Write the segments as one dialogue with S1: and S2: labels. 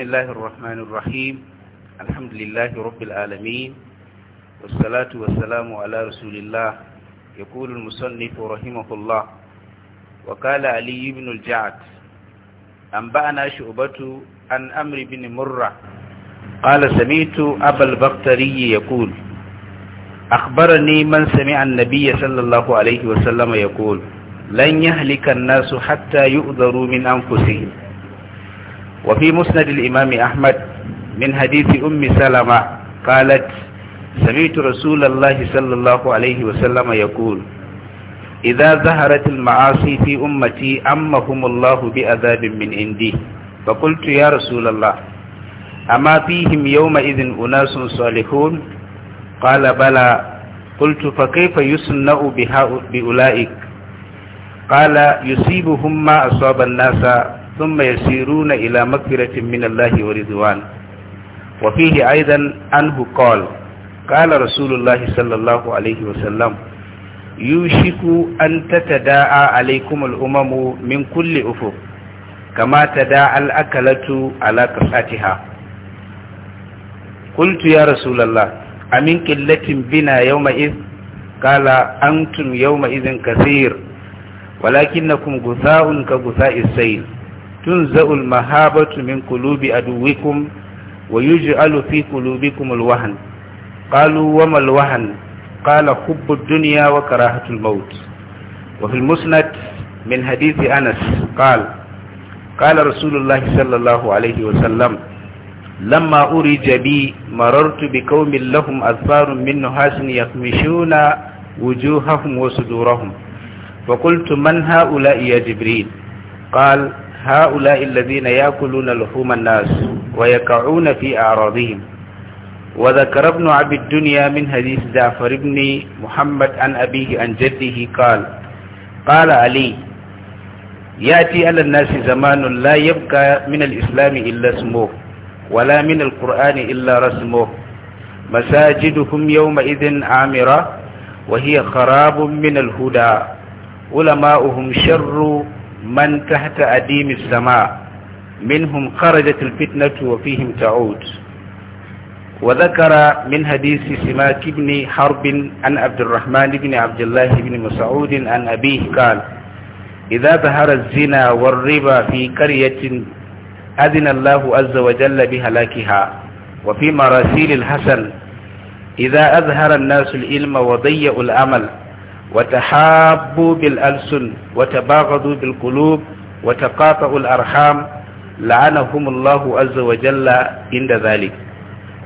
S1: بسم الله الرحمن الرحيم الحمد لله رب العالمين والصلاة والسلام على رسول الله يقول المصنف رحمه الله وقال علي بن الجعد أنبأنا شعبة عن أمر بن مرة قال سمعت أبا البختري يقول أخبرني من سمع النبي صلى الله عليه وسلم يقول لن يهلك الناس حتى يؤذروا من أنفسهم وفي مسند الإمام أحمد من حديث أم سلمة قالت سمعت رسول الله صلى الله عليه وسلم يقول إذا ظهرت المعاصي في أمتي أمهم الله بأذاب من عندي فقلت يا رسول الله أما فيهم يومئذ أناس صالحون قال بلى قلت فكيف يصنع بأولئك قال يصيبهم ما أصاب الناس ثم يسيرون إلى مغفرة من الله ورضوان وفيه أيضا عنه قال قال رسول الله صلى الله عليه وسلم يوشك أن تتداعى عليكم الأمم من كل أفق كما تداعى الأكلة على كفاتها قلت يا رسول الله أمن قلة بنا يومئذ قال أنتم يومئذ كثير ولكنكم غثاء كغثاء السيل tun za'ul mahabatu min kulubi aduwikum wa yuj'alu fi kulubikum alwahan qalu wa mal wahan qala hubbu duniya, wa karahatu almaut wa fil min hadithi anas qala qala rasulullah sallallahu alayhi wa sallam lamma urija bi marartu bi qaumin lahum azfaru min nuhasin yaqmishuna wujuhahum wa sudurahum فقلت من هؤلاء يا جبريل قال هؤلاء الذين يأكلون لحوم الناس ويقعون في أعراضهم وذكر ابن عبد الدنيا من حديث جعفر بن محمد عن أبيه عن جده قال قال علي يأتي على الناس زمان لا يبقى من الإسلام إلا اسمه ولا من القرآن إلا رسمه مساجدهم يومئذ عامرة وهي خراب من الهدى علماؤهم شر من تحت أديم السماء منهم خرجت الفتنة وفيهم تعود وذكر من حديث سماك بن حرب عن عبد الرحمن بن عبد الله بن مسعود عن أبيه قال إذا ظهر الزنا والربا في قرية أذن الله عز وجل بهلاكها وفي مراسيل الحسن إذا أظهر الناس العلم وضيئوا الأمل وتحابوا بالألسن وتباغضوا بالقلوب وتقاطعوا الأرحام لعنهم الله عز وجل عند ذلك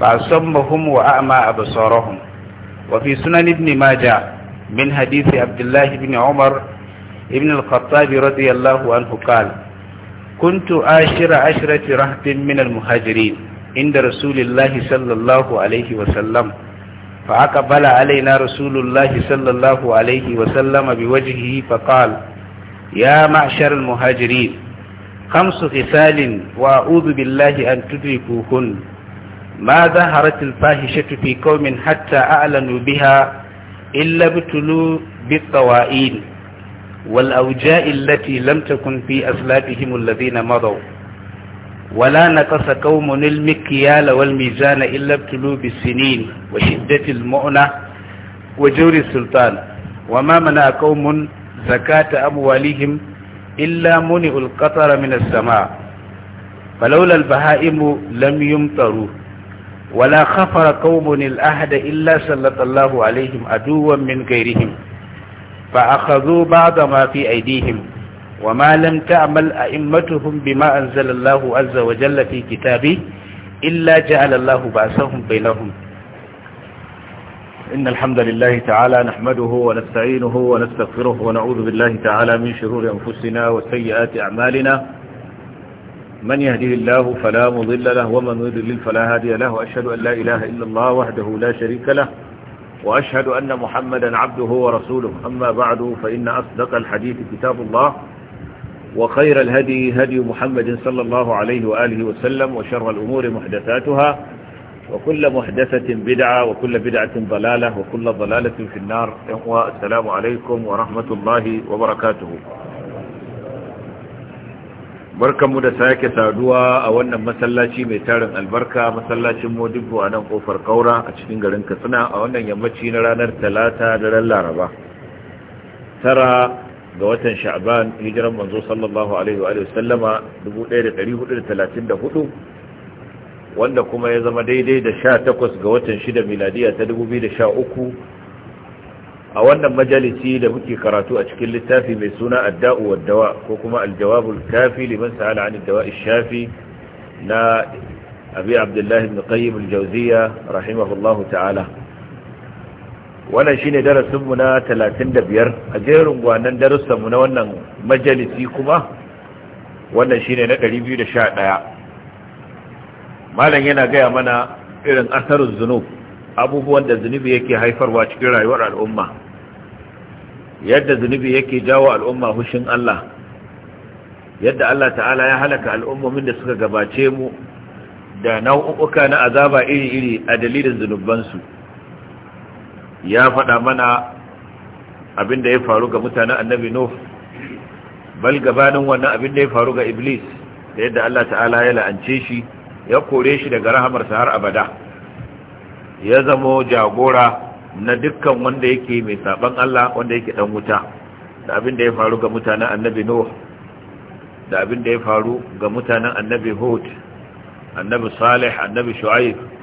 S1: فأصمهم وأعمى أبصارهم وفي سنن ابن ماجه من حديث عبد الله بن عمر ابن الخطاب رضي الله عنه قال كنت عاشر عشرة رهط من المهاجرين عند رسول الله صلى الله عليه وسلم فأقبل علينا رسول الله صلى الله عليه وسلم بوجهه فقال يا معشر المهاجرين خمس خسال وأعوذ بالله أن تدركوهن ما ظهرت الفاحشة في قوم حتى أعلنوا بها إلا ابتلوا بالطوائين والأوجاء التي لم تكن في أسلافهم الذين مضوا ولا نقص قوم المكيال والميزان إلا ابتلوا بالسنين وشدة المؤنة وجور السلطان وما منع قوم زكاة أموالهم إلا منع القطر من السماء فلولا البهائم لم يمطروا ولا خفر قوم الأهد إلا سلط الله عليهم عدوا من غيرهم فأخذوا بعض ما في أيديهم وما لم تعمل أئمتهم بما أنزل الله عز وجل في كتابه إلا جعل الله بأسهم بينهم
S2: إن الحمد لله تعالى نحمده ونستعينه ونستغفره ونعوذ بالله تعالى من شرور أنفسنا وسيئات أعمالنا من يهدي الله فلا مضل له ومن يضلل فلا هادي له وأشهد أن لا إله إلا الله وحده لا شريك له وأشهد أن محمدا عبده ورسوله أما بعد فإن أصدق الحديث كتاب الله wa الهدي هدي محمد صلى الله عليه وآله وسلم وشر الأمور محدثاتها وكل محدثة بدعة وكل بدعة ضلالة uwa. ضلالة في النار السلام عليكم ورحمة الله وبركاته barkanmu da sake saduwa a wannan masallaci mai tarin albarka masallacin modibu a nan kofar kaura a cikin garin katsina a wannan yammaci na ranar talata da ran laraba tara ga watan sha'ban hijiran manzo sallallahu alaihi wa sallama 1434 wanda kuma ya zama daidai da 18 ga watan 6 miladiya ta 2013 a wannan majalisi da muke karatu a cikin littafi mai suna adda'u wa ko kuma aljawabul kafi liman sa'ala an dawa shafi na abi abdullahi ibn qayyim al-jawziya rahimahullahu ta'ala wannan shine darasinmu na 35 a jerin gwanan darussanmu na wannan majalisi kuma wannan shine na 211 malam yana gaya mana irin asarin zunub abubuwan da zunubi yake haifarwa cikin rayuwar al'umma yadda zunubi yake jawo al'umma hushin Allah yadda Allah ta'ala ya halaka al'ummomin da suka gabace mu da nau'uka na azaba iri-iri a dalilin zunubansu ya faɗa mana abin da ya faru ga mutanen annabi nuh bal gabanin wannan abin da ya faru ga iblis da yadda Allah ta'ala ya la'ance shi ya kore shi daga rahamarsa har abada ya zamo jagora na dukkan wanda yake mai saban Allah wanda yake dan wuta da abin da ya faru ga mutanen annabi nuh da abin da ya faru ga mutanen annabi hud annabi salih annabi shu'aib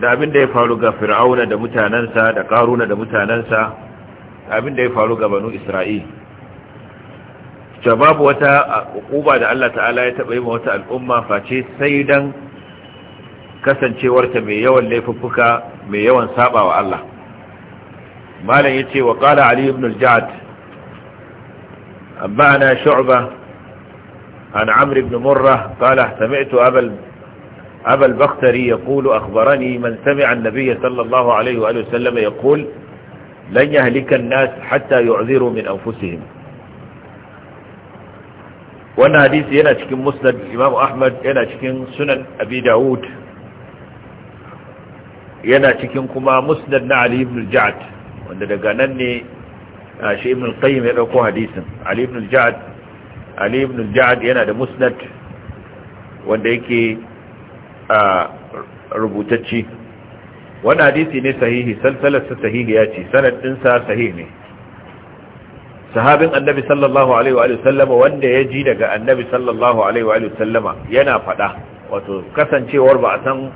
S2: da abin da ya faru ga fir'auna da mutanansa da karuna da mutanansa abin da ya faru ga banu isra'il babu wata ukuba da Allah ta'ala ya taɓa yi ma wata al'umma face sai dan kasancewarta mai yawan laifuffuka mai yawan saba wa Allah malam yace wa qala ali ibn al-ja'd أنبأنا shu'ba an عمرو ibn مرة قال سمعت abal أبا البختري يقول أخبرني من سمع النبي صلى الله عليه وآله وسلم يقول لن يهلك الناس حتى يعذروا من أنفسهم wannan hadisi yana cikin musnad imam ahmad yana cikin sunan abi dawud yana cikin kuma musnad na ali ibn al-ja'd wanda daga nan ne shi ibn al-qayyim ya dauko hadisin ali ibn al-ja'd yana da musnad wanda yake A rubutacci wani hadisi ne sahihi salsalarsa sahihi ya ce sanadinsa sahihi ne sahabin annabi sallallahu alaihi wa sallama wanda ya ji daga annabi sallallahu alaihi wa sallama yana fada wato kasancewar ba a san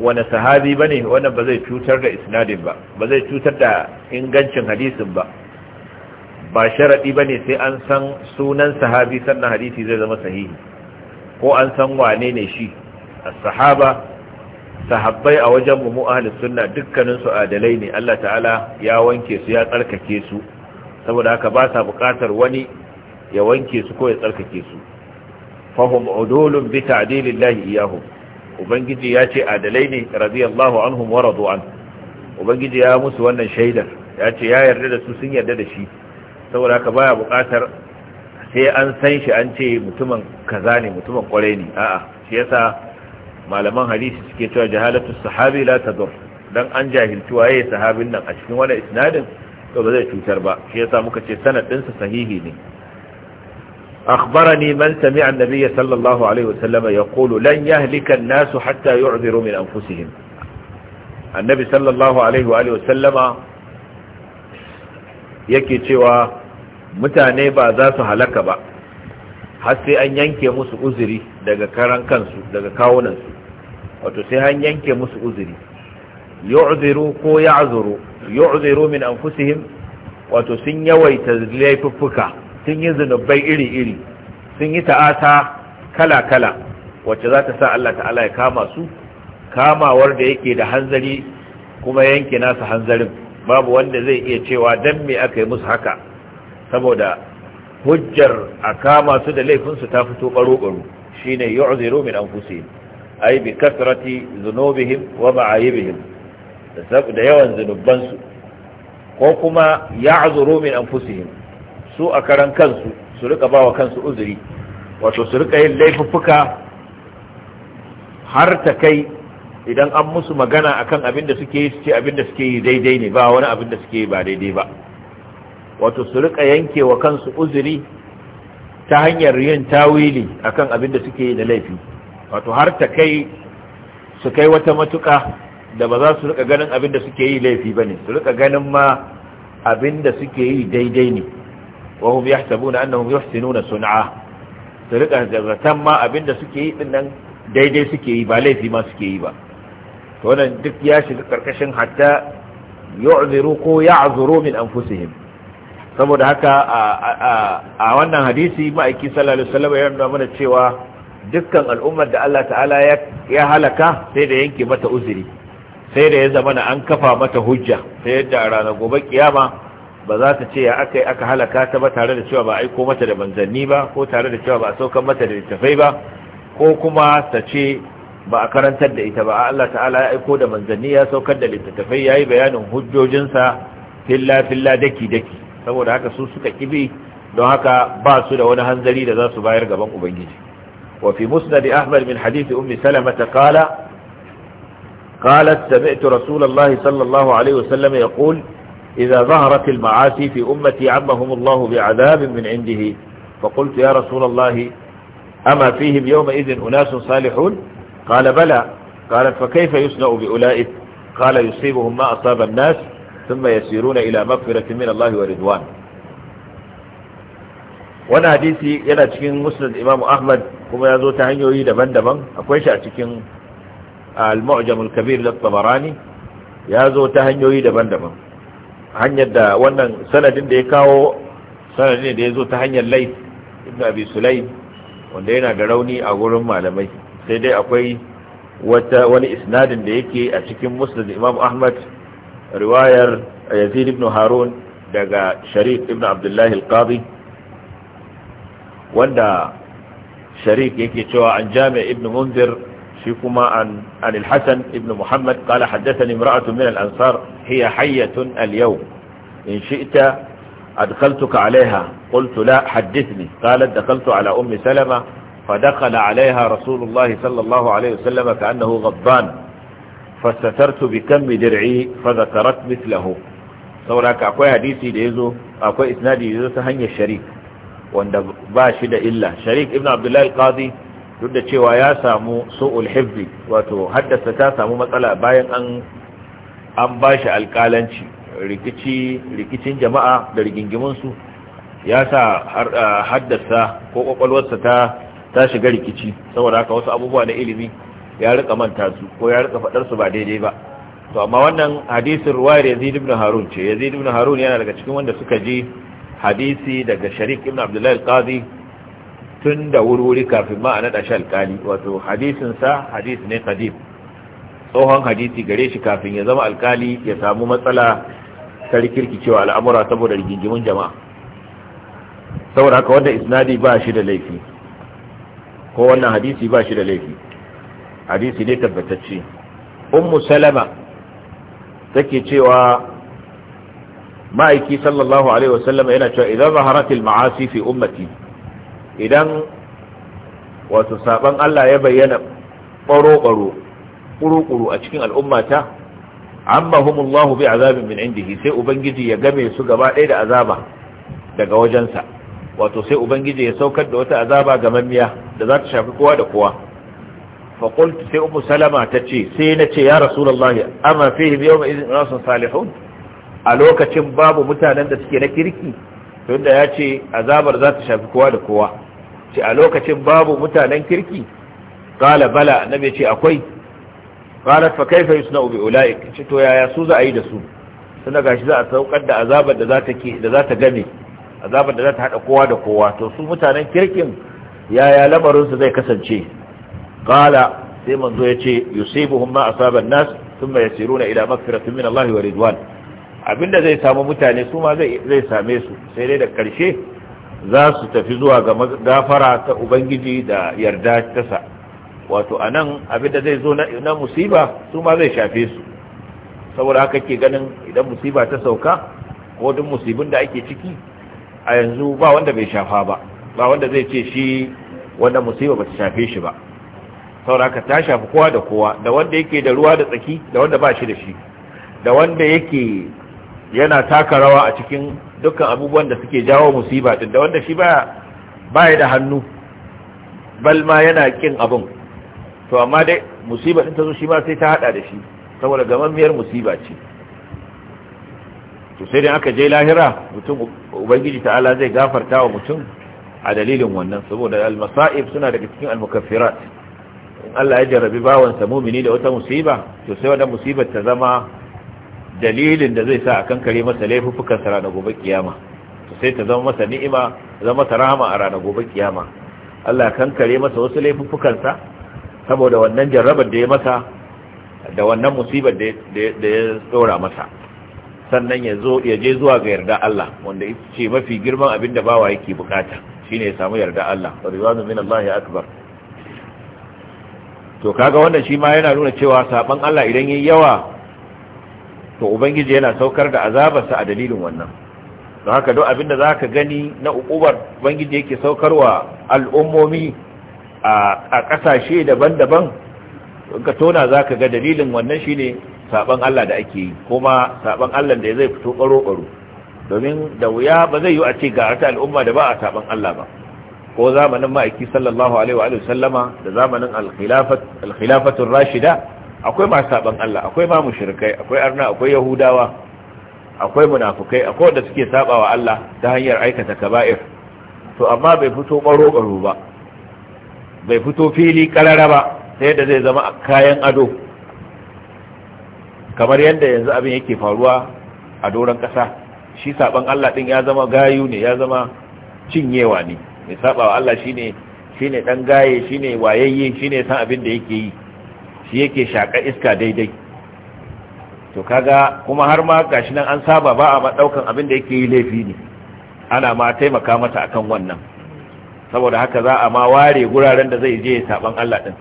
S2: wani sahabi ba ne wanda ba zai cutar da isnadin ba ba zai cutar da ingancin hadisin ba ba sharaɗi ba ne sai an san sunan sahabi sannan hadisi zai zama sahihi ko an san wane ne shi as-sahaba sahabbai a wajen mu ahlus sunna dukkanin su adalai ne Allah ta'ala ya wanke su ya tsarkake su saboda haka ba sa buƙatar wani ya wanke su ko ya tsarkake su fahum udulun bi ta'dilillahi iyahum ubangiji ya ce adalai ne radiyallahu anhum wa radu an ubangiji ya musu wannan shaidar ya ce ya yarda da su sun yarda da shi saboda haka baya buƙatar sai an san shi an ce mutumin kaza ne mutumin kwarai ne a'a shi yasa malaman hadisi suke cewa jahalatu sahabi la tadur dan an jahilci waye sahabin nan a cikin wani isnadin to ba zai cutar ba shi yasa muka ce sanad ɗinsa sahihi ne akhbarani man سمع النبي صلى الله عليه وسلم يقول لن يهلك الناس حتى يعذروا من أنفسهم النبي صلى الله عليه وآله وسلم yake cewa mutane ba za su halaka ba har sai an yanke musu uzuri daga karan kansu daga kawunansu wato sai an yanke musu uzuri yu'ziru ko ya'zuru yu'ziru min anfusihim wato sun yawaita laifuffuka sun yi zunubai iri-iri sun yi ta'ata kala-kala wacce za ta sa Allah ta'ala ya kama su kamawar da yake da hanzari kuma yanke nasu hanzarin babu wanda zai iya cewa dan me aka yi musu haka saboda hujjar a kama su da laifinsu ta fito baro-baro shine yu'ziru min anfusihim ai bi kasrati zunubihim wa ma'ayibihim da yawan zunubansu ko kuma ya'zuru min anfusihim su a karan kansu su rika bawa kansu uzuri wato su rika yin laifuffuka har ta kai idan an musu magana akan abin da suke yi su ce abin da suke yi daidai ne ba wani abin da suke yi ba daidai ba wato su rika yanke wa kansu uzuri ta hanyar yin tawili akan abin da suke yi da laifi wato har ta kai su kai wata matuka da ba za su rika ganin abin da suke yi laifi ba bane su rika ganin ma abin da suke yi daidai ne wa hum yahsabuna annahum nuna sun'a su rika zarratan ma abin da suke yi din nan daidai suke yi ba laifi ma suke yi ba to wannan duk ya shiga karkashin hatta yu'ziru ko ya'zuru min anfusihim saboda haka a wannan hadisi ma'aikin sallallahu alaihi wasallam ya nuna mana cewa dukkan al'ummar da Allah ta'ala ya halaka sai da yanke mata uzuri sai da ya zama na an kafa mata hujja sai yadda a ranar gobe kiyama ba za ta ce ya aka aka halaka ta ba tare da cewa ba aiko mata da manzanni ba ko tare da cewa ba a saukan mata da littafai ba ko kuma ta ce ba a karantar da ita ba Allah ta'ala ya aiko da manzanni ya saukar da littattafai ya yi bayanin hujjojinsa filla-filla daki-daki saboda haka su suka kibi don haka ba su da wani hanzari da za su bayar gaban ubangiji وفي مسند أحمد من حديث أم سلمة قال قالت سمعت رسول الله صلى الله عليه وسلم يقول إذا ظهرت المعاصي في أمتي عمهم الله بعذاب من عنده فقلت يا رسول الله أما فيهم يومئذ أناس صالحون قال بلى قالت فكيف يصنع بأولئك قال يصيبهم ما أصاب الناس ثم يسيرون إلى مغفرة من الله ورضوان وانا حديثي يلا تشكين مسند إمام أحمد kuma ya zo ta hanyoyi daban-daban akwai shi a cikin al-mu'jamul kabir da tabarani ya zo ta hanyoyi daban-daban hanyar da wannan sanadin da ya kawo sanadin da ya zo ta hanyar lai ibn abi sulaim wanda yana da rauni a gurin malamai sai dai akwai wata wani isnadin da yake a cikin musnad imam ahmad riwayar yazid ibn harun daga sharif ibn abdullahi al-qadi wanda شريك يكتوى عن جامع ابن منذر فيكما عن, عن الحسن ابن محمد قال حدثني امرأة من الأنصار هي حية اليوم إن شئت أدخلتك عليها قلت لا حدثني قالت دخلت على أم سلمة فدخل عليها رسول الله صلى الله عليه وسلم كأنه غضبان فاستترت بكم درعي فذكرت مثله سوراك أكوي حديثي ليزو أكوي إسنادي ليزو تهني الشريك wanda ba shi da illa sharik ibn abdullahi al-qadi duk da cewa ya samu su'ul hifzi wato haddasa ta samu matsala bayan an an bashi alƙalanci rikici rikicin jama'a da rigingimin su ya sa haddasa ko kwakwalwarsa ta ta shiga rikici saboda haka wasu abubuwa na ilimi ya rika manta su ko ya rika fadar su ba daidai ba to amma wannan hadisin ruwayar Yazid ibn Harun ce Yazid ibn Harun yana daga cikin wanda suka je hadisi daga sharik ibn abdullahi al-qadi tun da wuri-wuri kafin ma a naɗa shi alƙali wato hadisinsa hadis ne kadim tsohon hadisi gare shi kafin ya zama alƙali ya samu matsala ta rikirkicewa al'amura saboda rigingimin jama'a saboda haka wanda isnadi ba shi da laifi ko wannan hadisi ba shi da laifi hadisi ne tabbatacce ummu salama take cewa ma'aiki sallallahu alaihi wasallam yana cewa idan zaharatil ma'asi fi ummati idan wato saban Allah ya bayyana baro-baro kuru-kuru a cikin al'ummata amma humullahu bi azabin min indihi sai ubangiji ya game su gaba ɗaya da azaba daga wajensa wato sai ubangiji ya saukar da wata azaba ga mamiya da za ta shafi kowa da kowa fa sai ummu salama ta ce, sai na ce ya rasulullahi amma fihi yawma idhin nasun salihun a lokacin babu mutanen da suke na kirki tunda ya ce azabar za ta shafi kowa da kowa ce a lokacin babu mutanen kirki kala bala na ce akwai kala fa fai suna ubi ula'i ce to yaya su za a yi da su suna gashi za a saukar da azabar da za ta game azabar da za ta hada kowa da kowa to su mutanen kirkin yaya lamarinsu zai kasance kala sai manzo ya ce yusibuhum ma asaban nas thumma na ila makfiratun min Allah wa ridwan abinda zai samu mutane su ma zai same su sai dai da ƙarshe za su tafi zuwa ga gafara ta ubangiji da yarda tasa wato a nan abinda zai zo na musiba su ma zai shafe su saboda haka ke ganin idan musiba ta sauka ko duk musibin da ake ciki a yanzu ba wanda bai shafa ba ba wanda zai ce shi wanda musiba ba ta shafe shi ba saboda haka ta shafi kowa da kowa da wanda yake da ruwa da tsaki da wanda ba shi da shi da wanda yake yana taka rawa a cikin dukkan abubuwan da suke jawo musiba din da wanda shi baya da hannu bal ma yana kin abun. to amma dai musiba din ta zo shi ma sai ta hada da shi saboda gamammiyar musiba ce to sai dai aka je lahira mutum ubangiji ta'ala zai gafarta wa mutum a dalilin wannan saboda al-masa'ib suna daga cikin al in Allah ya jarrabi bawansa mumini da wata musiba to sai wannan musibar ta zama dalilin da zai sa a kankare masa laifukan sa ranar gobe kiyama sai ta zama masa ni'ima zama masa rahama a ranar gobe kiyama Allah kankare masa wasu laifukansa sa saboda wannan jarrabar da ya masa da wannan musibar da ya tsora masa sannan ya zo ya je zuwa ga yarda Allah wanda ce mafi girman abin da bawa yake bukata shine ya samu yarda Allah wa rizwanu min Allah akbar to kaga wannan shi ma yana nuna cewa saban Allah idan yayi yawa to ubangiji yana saukar da azabarsa a dalilin wannan don haka duk abinda za ka gani na ukubar ubangiji yake saukarwa al'ummomi a ƙasashe daban-daban ka tona za ka ga dalilin wannan shi ne saɓon Allah da ake yi kuma saɓon Allah da zai fito ɓaro-ɓaro domin da wuya ba zai yi a ce ga wata al'umma da ba a saɓon Allah ba ko zamanin ma'aiki sallallahu alaihi wa sallama da zamanin alkhilafatun rashida akwai masu saban Allah akwai ma mushrikai akwai arna akwai yahudawa akwai munafukai akwai wanda suke sabawa Allah ta hanyar aikata kaba'ir to amma bai fito baro baro ba bai fito fili karara ba sai da zai zama kayan ado kamar yadda yanzu abin yake faruwa a doron kasa shi saban Allah ɗin ya zama gayu ne ya zama cinyewa ne mai sabawa Allah shine shine dan gaye shine wayayye shine san abin da yake yi shi yake shaƙa iska daidai to kaga kuma har ma gashi nan an saba ba a ɗaukan abin da yake yi laifi ne ana ma taimaka mata akan wannan saboda haka za a ma ware guraren da zai je saban Allah din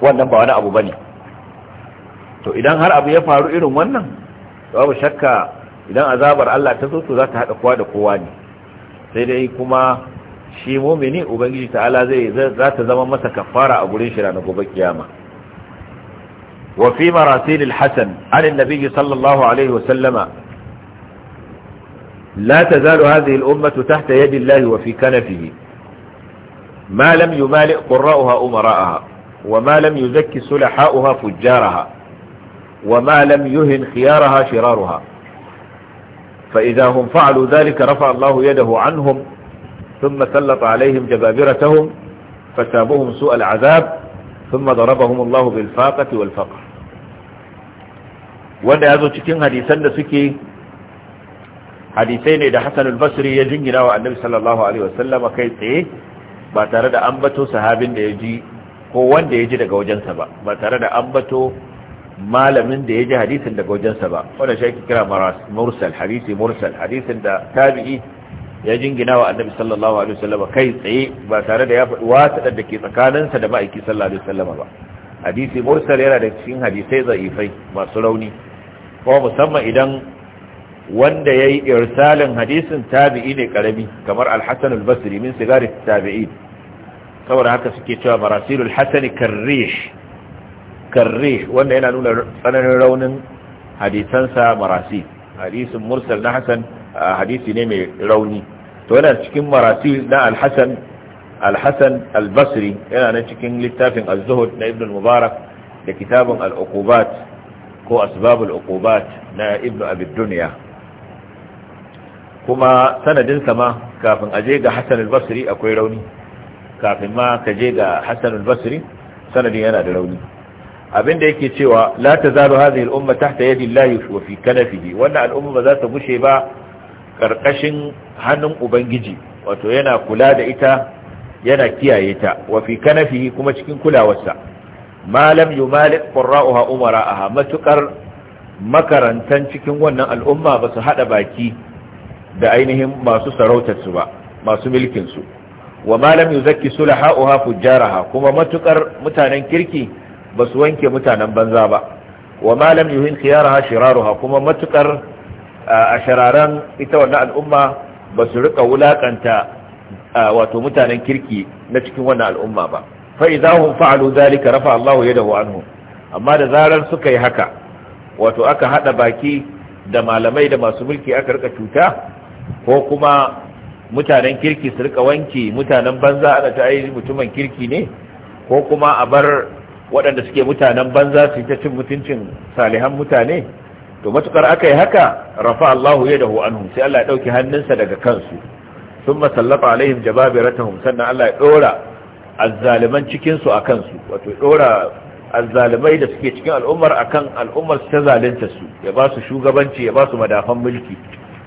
S2: wannan ba wani abu bane to idan har abu ya faru irin wannan babu shakka idan azabar Allah ta zo to za ta hada kowa da kowa ne sai dai kuma shi mumini ubangiji ta'ala zai za ta zama masa kafara a gurin shi na gobe kiyama wa fi marasil al-hasan an annabi sallallahu alaihi wasallama la tazalu hadhihi al-ummah tahta yadi allahi wa fi kanafihi ma lam yumali qurra'uha umara'aha wa ma lam yuzakki sulaha'uha fujjaraha wa ma lam yuhin khiyaraha shiraruha fa idha hum fa'alu dhalika rafa'a allahu yadahu anhum ثم سلط عليهم جبابرتهم فسابهم سوء العذاب ثم ضربهم الله بالفاقة والفقر wanda ya zo cikin hadisan da suke hadisai ne da Hassanul basri ya jingina wa Annabi sallallahu alaihi wasallama kai tsaye ba tare da ambato sahabin da ya ji ko wanda ya ji daga wajensa ba ba tare da bato malamin da ya ji hadisin daga wajensa ba wanda shi kira mursal hadisi mursal hadisin da tabi'i ya jingina wa annabi sallallahu alaihi wasallam kai tsaye ba tare da ya faɗi wata da ke tsakaninsa da ma'aiki sallallahu alaihi wasallam ba hadisi mursal yana da cikin hadisai zaifai masu rauni kuma musamman idan wanda yayi irsalin hadisin tabi'i ne karami kamar al-Hasan al-Basri min sigari tabi'in saboda haka suke cewa marasilul hasani karrish karrish wanda yana nuna tsananin raunin hadisansa marasil hadisin mursal na Hasan hadisi ne mai rauni to yana cikin marasil na AlHassan hasan al yana nan cikin littafin az-zuhd na ibn al-mubarak da kitabun al-uqubat ko Asbabul al-uqubat na ibn abi kuma sanadin sa ma kafin je ga Hassan AlBasri akwai rauni kafin ma ka je ga Hassan AlBasri sanadin yana da rauni abinda yake cewa la tazalu hadhihi al-umma tahta yadi Allah wa fi kanafihi wannan al-umma ba za ta gushe ba ƙarƙashin hannun ubangiji wato yana kula da ita yana kiyaye ta wa fi kuma cikin kulawarsa malam yumalik qurra'uha umara'aha matukar makarantan cikin wannan al'umma ba su hada baki da ainihin masu sarautar su ba masu milkin su wa malam yuzakki sulaha'uha fujjaraha kuma matukar mutanen kirki ba su wanke mutanen banza ba wa malam yuhin khiyaraha shiraruha kuma matukar a shararan ita wannan al'umma ba su rika wulakanta wato mutanen kirki na cikin wannan al'umma ba fa idza hum fa'alu zalika rafa Allahu yadahu anhu. amma da zarar suka yi haka wato aka haɗa baki da malamai da masu mulki aka rika cuta ko kuma mutanen kirki su rika wanki mutanen banza ana ta ai mutumin kirki ne ko kuma a bar waɗanda suke mutanen banza su ta cin mutuncin salihan mutane to matukar aka yi haka rafa Allahu dahu anhum sai Allah ya dauki hannunsa daga kansu thumma sallata alaihim jababiratahum sannan Allah ya dora azzaliman cikin su akan su wato dora azzalimai da suke cikin al'ummar akan al'ummar su ta zalunta su ya ba su shugabanci ya ba su madafan mulki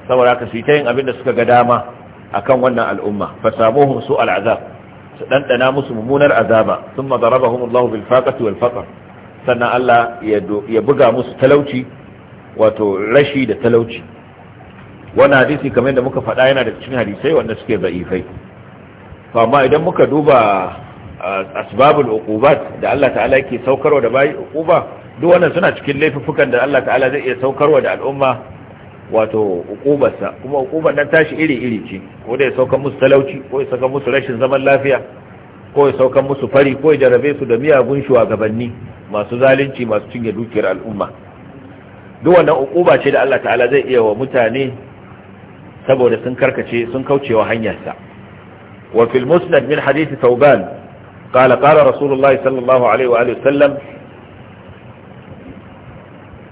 S2: saboda haka su yi ta yin abin da suka ga dama akan wannan al'umma fa samuhum su al'azab su dandana musu mummunar azaba thumma darabahum Allahu bil faqati wal faqr sannan Allah ya buga musu talauci wato rashi da talauci wannan hadisi kamar yadda muka faɗa yana da cikin hadisai wanda suke za'ifai to amma idan muka duba asbabul uqubat da Allah ta'ala yake saukarwa da bai uquba duk wannan suna cikin laifukan da Allah ta'ala zai iya saukarwa da al'umma wato uqubarsa kuma uqubar nan tashi iri iri ce ko da ya saukar musu talauci ko ya saukar musu rashin zaman lafiya ko ya saukar musu fari ko ya jarabe su da miyagun shugabanni masu zalunci masu cinye dukiyar al'umma duk wannan ukuba ce da Allah ta'ala zai iya wa mutane saboda sun karkace sun kaucewa hanyarsa wa fil musnad min hadith thawban qala qala rasulullah sallallahu alaihi wa alihi sallam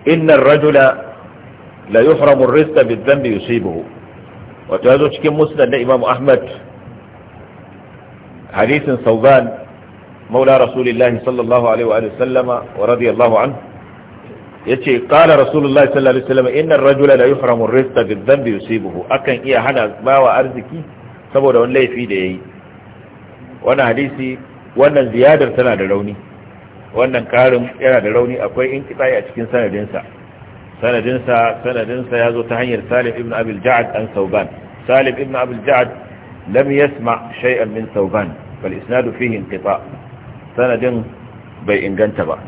S2: inna ar-rajula la yuhramu ar-rizqa bidhanbi yusibuhu wa tazo cikin musnad da imam ahmad hadithin thawban مولى رسول sallallahu alaihi wa alihi sallama wa ورضي الله عنه yace qala rasulullahi sallallahu alaihi wasallam innar rajula la yuhramu rizqa bidhanbi yusibuhu akan iya hana bawa arziki saboda wani laifi da yayi wannan hadisi wannan ziyadar tana da rauni wannan karin yana da rauni akwai inqita'i a cikin sanadin sa sanadin sa sanadin sa yazo ta hanyar Salim ibn Abi al an Sauban Salim ibn Abi al-Ja'd lam yasma shay'an min Sauban fal isnadu fihi inqita' sanadin bai inganta ba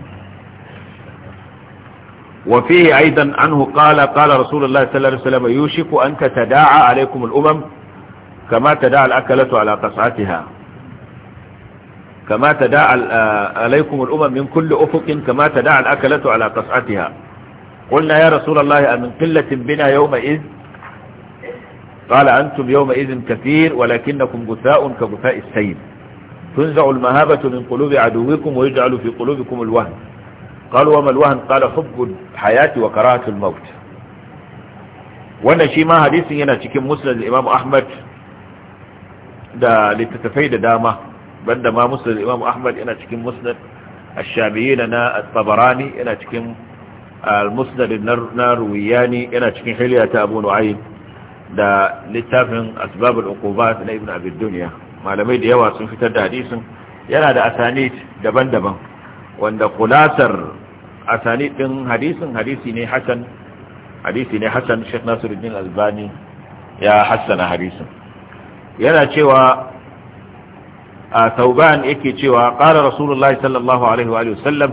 S2: وفيه أيضا عنه قال قال رسول الله صلى الله عليه وسلم يوشك أن تتداعى عليكم الأمم كما تداعى الأكلة على قصعتها كما تداعى آه، عليكم الأمم من كل أفق كما تداعى الأكلة على قصعتها قلنا يا رسول الله أمن قلة بنا يومئذ قال أنتم يومئذ كثير ولكنكم غثاء كغثاء السيل تنزع المهابة من قلوب عدوكم ويجعل في قلوبكم الوهن قالوا وما الوهن قال حب الحياة وكراهة الموت shi ma hadisin yana cikin musnad imam ahmad da littattafai da dama banda ma musnad imam ahmad yana cikin musnad ash na at yana cikin al-musnad na ruwiyani yana cikin hilya abu nu'aym da littafin asbab al-uqubat na ibn abi dunya malamai da yawa sun fitar da hadisin yana da asanid daban-daban wanda kulasar a sani ɗin hadisin hadisi ne hassan hadisi ne hassan sheikh nasiruddin albani ya hassana hadisin yana cewa a tauban yake cewa ƙara rasulullahi sallallahu alaihi wa sallam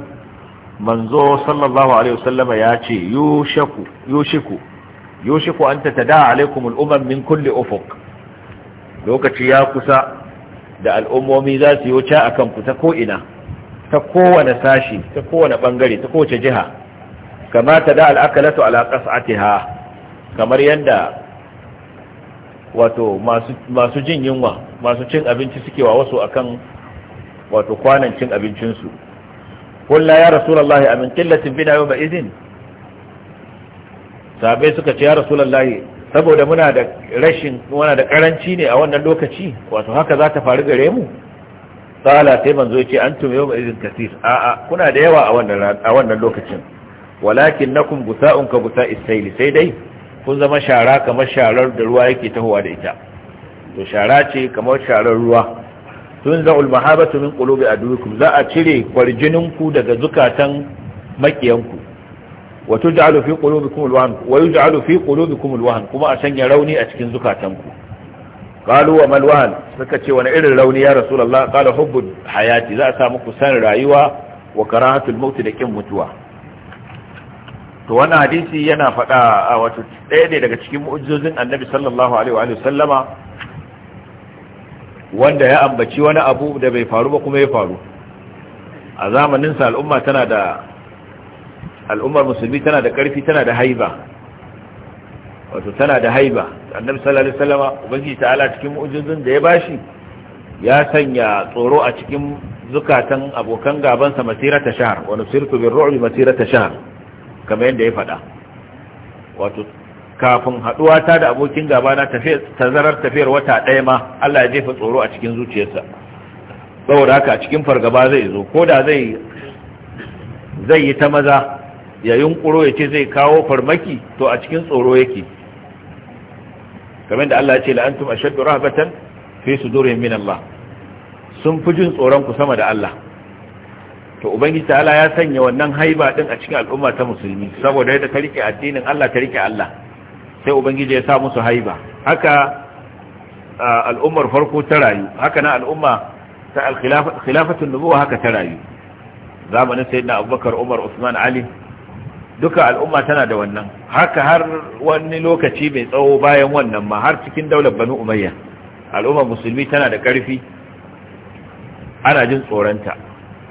S2: manzo sallallahu alaihi sallama ya ce yushaku yushiku yushiku an da alaikum al'umam min kulle ufuq lokaci ya kusa da al'ummomi za su yoca akan ku ta ko ina ta kowane sashi ta kowane bangare ta kowace jiha kama ta da al'akalatu ala qas'atiha kamar yanda wato masu masu jin yunwa masu cin abinci suke wa wasu akan wato kwanan cin abincin su kullu ya rasulullahi amin qillatin bina yawma idin sabai suka ce ya rasulullahi saboda muna da rashin muna da karanci ne a wannan lokaci wato haka za ta faru gare mu qala sai manzo yace antum yawma idin kaseer a a kuna da yawa a wannan a wannan lokacin walakinnakum busa'un ka busa'is isaili. sai dai kun zama shara kamar sharar da ruwa yake tahowa da ita to shara ce kamar sharar ruwa tun za'ul mahabatu min qulubi aduwikum za a cire kwarjininku daga zukatan makiyanku wa tuj'alu fi qulubikum alwahan wa yuj'alu fi qulubikum alwahan kuma a sanya rauni a cikin zukatanku qalu wa mal suka ce wani irin rauni ya rasu rasulullah qala hubbu hayati za a sa muku san rayuwa wa karahatul maut da kin mutuwa to wannan hadisi yana faɗa a wato ɗaya ne daga cikin mu'ujizozin annabi sallallahu wanda ya ambaci wani abu da bai faru ba kuma ya faru a zamaninsa al'umma tana da al'ummar musulmi tana da ƙarfi tana da haiba wato tana da haiba annabi sallallahu alaihi wasallama ubangiji ta'ala cikin mu'jizin da ya bashi ya sanya tsoro a cikin zukatan abokan gabansa ta shahar wani sirtu bil ru'bi ta shahar kamar yadda ya faɗa wato kafin haɗuwata ta da abokin gaba na tazarar tafiyar wata ɗaya ma Allah ya jefa tsoro a cikin zuciyarsa saboda haka a cikin fargaba zai zo ko da zai zai yi ta maza ya yunkuro ya ce zai kawo farmaki to a cikin tsoro yake kamar da Allah ce la antum ashaddu rahbatan fi sudurihim min Allah sun fi jin tsoron ku sama da Allah to ubangiji ta'ala ya sanya wannan haiba din a cikin al'umma ta musulmi saboda yadda ta rike addinin Allah ta rike Allah sai ubangiji ya sa musu haiba haka al'ummar farko ta rayu haka na al'umma ta al-khilafatun nubuwa haka ta rayu zamanin sayyidina Abubakar Umar Usman Ali duka al'umma tana da wannan haka har wani lokaci mai tsawo bayan wannan ma har cikin daular banu umayya al'ummar musulmi tana da ƙarfi ana jin tsoronta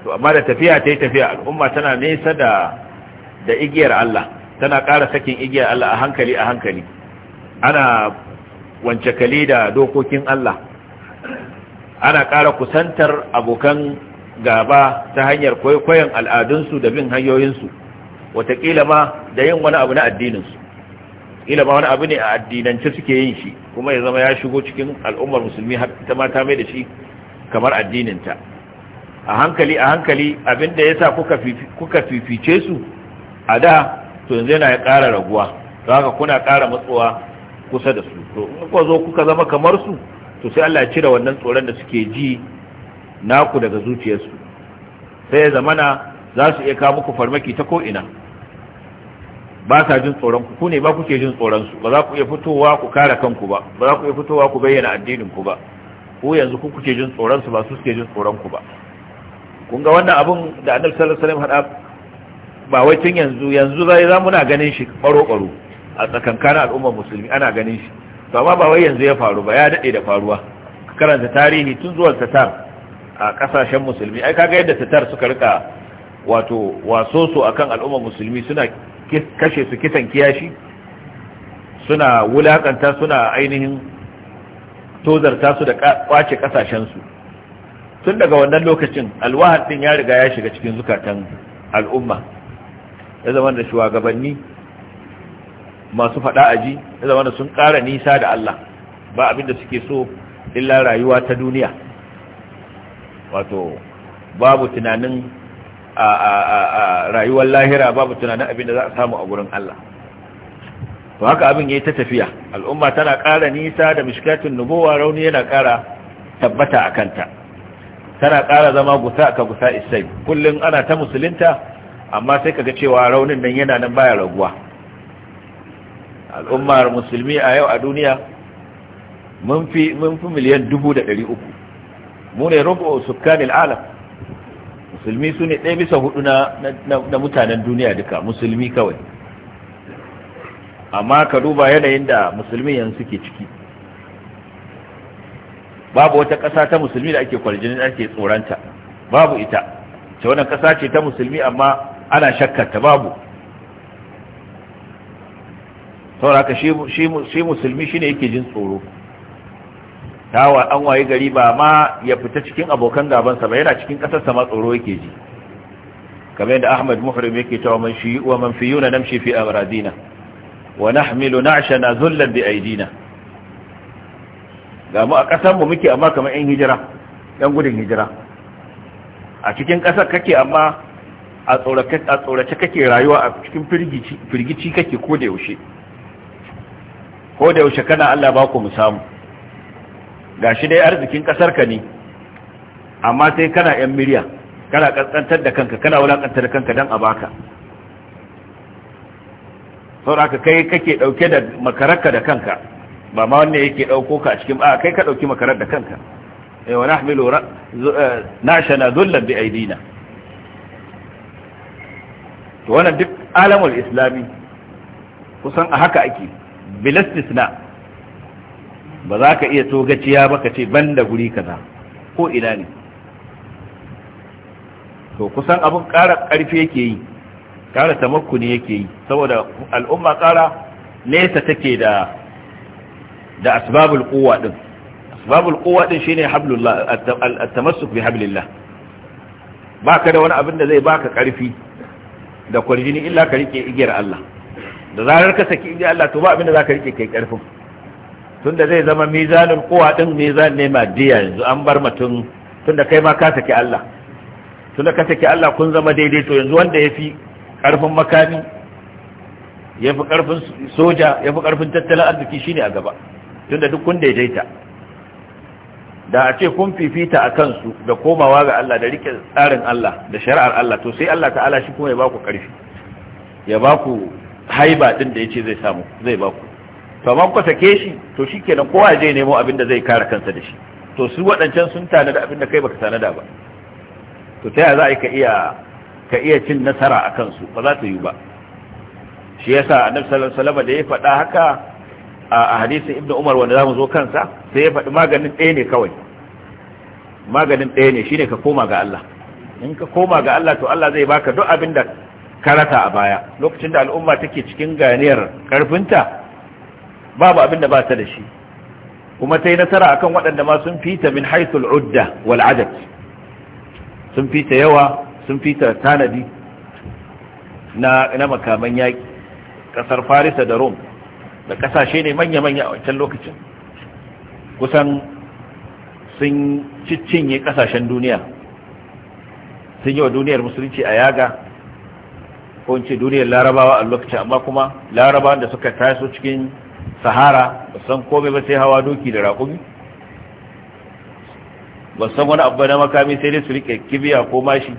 S2: to amma da tafiya ta yi tafiya al'umma tana nesa da da igiyar Allah tana ƙara sakin igiyar Allah a hankali a hankali ana wance kali da dokokin Allah ana ƙara kusantar abokan gaba ta hanyar kwaikwayon al'adunsu da bin hanyoyinsu Wataƙila ma da yin wani abu na addininsu ila ma wani abu ne a addinance suke yin shi kuma ya zama ya shigo cikin al'ummar musulmi har ta mata mai da shi kamar addininta a hankali a hankali abinda ya sa kuka fifice su a da to yanzu yana ya ƙara raguwa don haka kuna ƙara matsuwa kusa da su to in kuka zo kuka zama kamar su to sai Allah ya cire wannan tsoron da suke ji naku daga zuciyarsu sai ya zamana za su iya kawo muku farmaki ta ko'ina ba sa jin tsoron ku ne ba kuke jin tsoron su ba za ku iya fitowa ku kare kanku ba ba za ku iya fitowa ku bayyana addinin ku ba ku yanzu ku kuke jin tsoron su ba su suke jin tsoron ku ba kun ga wannan abun da annabi sallallahu alaihi wasallam hada ba wai tun yanzu yanzu zai za muna ganin shi baro baro a tsakankan al'ummar musulmi ana ganin shi to amma ba wai yanzu ya faru ba ya dade da faruwa karanta tarihi tun zuwan tatar a kasashen musulmi ai kaga yadda tatar suka rika wato wasoso su akan al'ummar musulmi suna kashe su kisan kiyashi suna wulakanta suna ainihin tozarta su da kwace su. tun daga wannan lokacin alwahan din ya riga ya shiga cikin zukatan al'umma ya zama da shugabanni masu fada aji ya zama da sun kara nisa da Allah ba abin da suke so illa rayuwa ta duniya wato babu tunanin a rayuwar lahira babu tunanin abin da za a samu a gurin Allah to haka abin ya yi ta tafiya al'umma tana ƙara nisa da mishkatun nubuwa rauni yana ƙara tabbata a kanta tana ƙara zama gusa ka gusa isai kullum ana ta musulunta amma sai kaga cewa raunin nan yana nan baya raguwa al'ummar musulmi a yau a duniya mun fi mun fi miliyan 300 mu ne rubu sukkanil alam musulmi su ne ɗaya bisa hudu na mutanen duniya duka musulmi kawai amma ka duba yanayin da musulmi yanzu suke ciki babu wata ƙasa ta musulmi da ake kwaljinin ake tsoranta babu ita ce wannan ƙasa ce ta musulmi amma ana shakkarta babu haka shi musulmi shi ne yake jin tsoro tawa an waye gari ba ma ya fita cikin abokan gabansa ba yana cikin ƙasarsa ma tsoro yake ji kamar yadda ahmad muhrim yake cewa man shi wa man fiyuna namshi fi agradina wa nahmilu na'shana zullan bi aidina ga mu a kasar mu muke amma kamar yan hijira yan gudun hijira a cikin ƙasar kake amma a tsorace kake rayuwa a cikin firgici kake ko da yaushe ko da yaushe kana Allah ba ku mu samu Ga shi dai arzikin kasar ka ne amma sai kana yan miliya kana kaskantar da kanka kana wulakantar da kanka dan a baka saboda kai kake dauke da makararka da kanka ba ma wanne yake dauko ka a cikin ba kai ka dauki makarar da kanka eh wa nahmilu eh, nashana dhullan bi aidina to wannan duk alamul islami kusan a haka ake bilastisna ba za ka iya togaciya ba ka ce ban da guri kaza ko ina ne to kusan abin ƙara ƙarfi yake yi ƙara tamakku ne yake yi saboda al'umma ƙara nesa take da da asbabul quwwa din asbabul quwwa din shine hablullah at-tamassuk bi hablillah baka da wani abin da zai baka ƙarfi da kwarjini illa ka rike igiyar Allah da zarar ka saki igiyar Allah to ba abin da zaka rike kai ƙarfin tunda zai zama mizanin kowa din mizan ne madiya yanzu an bar mutum tunda kai ma ka saki Allah tunda ka saki Allah kun zama daidai to yanzu wanda yafi karfin makami yafi karfin soja yafi karfin tattalin arziki shine a gaba tunda duk kun daidaita da a ce kun fifita a kansu da komawa ga Allah da rike tsarin Allah da shari'ar Allah to sai Allah ta'ala shi kuma ya baku karfi ya baku haiba din da yace zai samu zai baku to amma kuka sake shi to shikenan kowa je nemo abin da zai kare kansa da shi to su waɗancan sun tanada abin da kai baka tanada ba to ta yaya za ka iya ka iya cin nasara a kansu ba za ta yi ba shi yasa annabi sallallahu alaihi wasallam da ya faɗa haka a hadisin ibnu umar wanda zamu zo kansa sai ya faɗi maganin ɗaya ne kawai maganin ɗaya ne shine ka koma ga Allah in ka koma ga Allah to Allah zai baka duk abin da karata a baya lokacin da al'umma take cikin ganiyar karfinta babu abin da ba ta da shi kuma ta yi nasara kan waɗanda ma sun fita min haithul udda wal adad sun fita yawa sun fita tanadi na na makaman yaƙi ƙasar farisa da rom da ƙasashe ne manya-manya a wancan lokacin kusan sun ciccinye ƙasashen duniya sun yi wa duniyar musulunci a yaga ko in ce duniyar larabawa a lokacin amma kuma larabawan da suka taso cikin sahara ba san komai ba sai hawa doki da raƙumi ba san wani abu na makami sai dai su rike kibiya ko mashi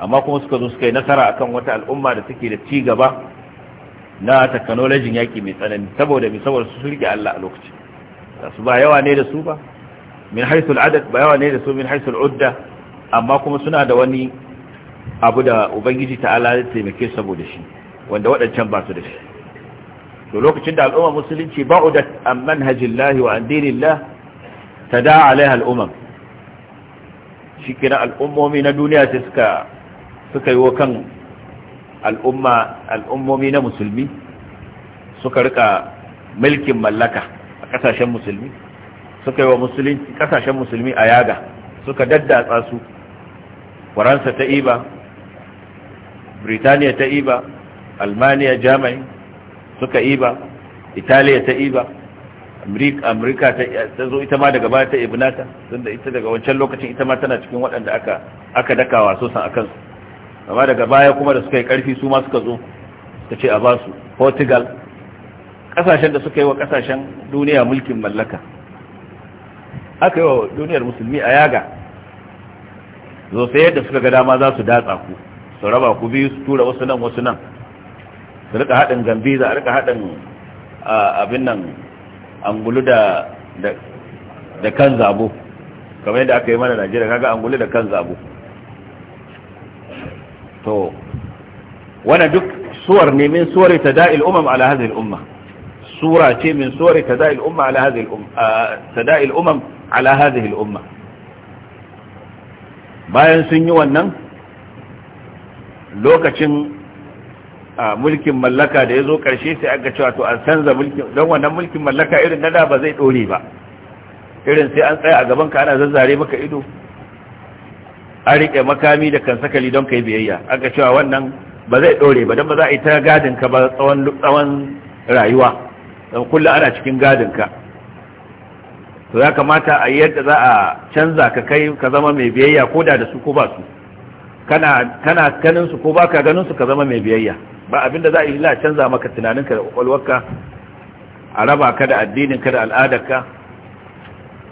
S2: amma kuma suka zo suka yi nasara akan wata al'umma da take da ci gaba na teknolojin yaƙi mai tsanani saboda mai saboda su rike Allah a lokaci su ba yawa ne da su ba min haisul adad ba yawa ne da su min haisul udda amma kuma suna da wani abu da ubangiji ta'ala ya taimake saboda shi wanda waɗancan ba su da shi to lokacin da al'umma musulunci ba'udat an manhajillahi wa an dinillah tada alaiha al'umma shikira al'ummomi na duniya sai suka suka yi kan al'umma al'ummomi na musulmi suka rika mulkin mallaka a kasashen musulmi suka yi wa musulunci kasashen musulmi a yaga suka daddatsa su faransa ta iba britaniya ta iba almaniya jamani suka iba italiya ta iba amurka ta zo ita ma daga baya ta ibnata tunda ita daga wancan lokacin ita ma tana cikin waɗanda aka aka dakawa sosan a kansu amma daga baya kuma da suka yi ƙarfi su ma suka zo ta ce a basu portugal ƙasashen da suka yi wa ƙasashen duniya mulkin mallaka aka yi wa duniyar musulmi a yaga zo sai yadda suka ga dama za su datsa ku su raba ku biyu su tura wasu nan wasu nan ta rika haɗin gambiza a rika haɗin abin nan angulu da kan zabo kamar yadda aka yi mana najeriya kaga angulu da kan zabo to wannan duk suwar ne min suwar da'il umam ala hadhihi al-umma sura ce min suwar ta umma ala hadhihi um, al-umma umam ala hadhihi al-umma bayan sun yi wannan lokacin mulkin mallaka da ya zo ƙarshe sai aka cewa to an canza mulkin don wannan mulkin mallaka irin na da ba zai ɗore ba irin sai an tsaya a gaban ka ana zazzare maka ido an riƙe makami da kan sakali don kai biyayya aka cewa wannan ba zai ɗore ba don ba za a yi ta gadin ka ba tsawon tsawon rayuwa don kullum ana cikin gadin ka to ya kamata a yi yadda za a canza ka kai ka zama mai biyayya ko da da su ko ba su kana kana ganin su ko baka ganin su ka zama mai biyayya ba abinda za a yi la canza maka tunaninka da kwakwalwarka a raba ka da addininka da al'adarka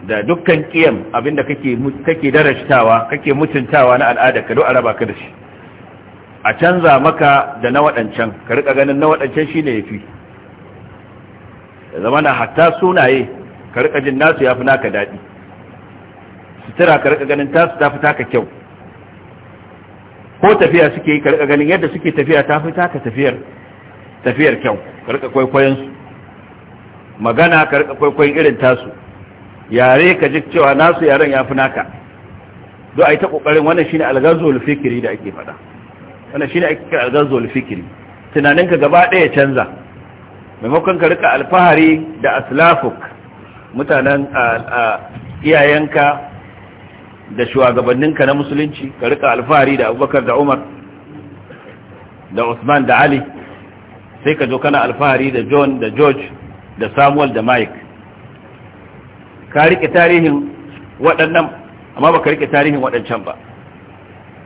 S2: da dukkan kiyam abinda kake kake darashtawa kake mutuntawa na al'adarka duk a raba ka da shi a canza maka da na waɗancan ka rika ganin na waɗancan shine yafi da na hatta sunaye ka rika jin nasu yafi naka dadi sutura ka rika ganin tasu tafi taka kyau ko tafiya suke yi karka ganin yadda suke tafiya ta fi taka tafiyar tafiyar kyau karka kwaikwayon su magana karka kwaikwayon irin tasu yare ka ji cewa nasu yaren ya fi naka a yi ta kokarin wannan shine algazul fikri da ake faɗa wannan shine ake kira algazul fikri tunaninka gaba ɗaya canza maimakon ka rika alfahari da aslafuk mutanen iyayenka da shugabanninka na musulunci ka rika alfahari da abubakar da umar da usman da ali sai ka zo kana alfahari da john da george da samuel da mike ka rike tarihin waɗannan amma ba ka rike tarihin waɗancan ba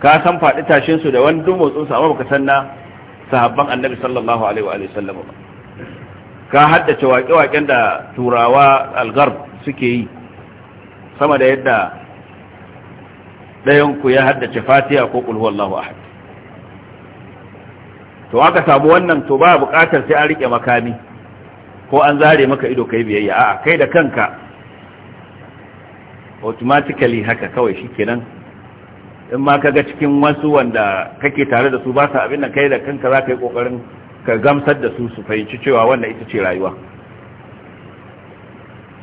S2: ka san faɗi tashinsu da wani dun motsinsu amma ka san na sahabban annabi sallallahu alaihi wa sallam ba ka haddace waƙe-waƙen da turawa algarb suke yi sama da yadda ɗayan ku ya haddace fatiha ko qul huwallahu ahad to aka samu wannan to ba buƙatar sai an rike makami ko an zare maka ido kai biyayya a'a kai da kanka automatically haka kawai shikenan in ma kaga cikin wasu wanda kake tare da su ba su abin nan kai da kanka za ka yi kokarin ka gamsar da su su fahimci cewa wannan ita ce rayuwa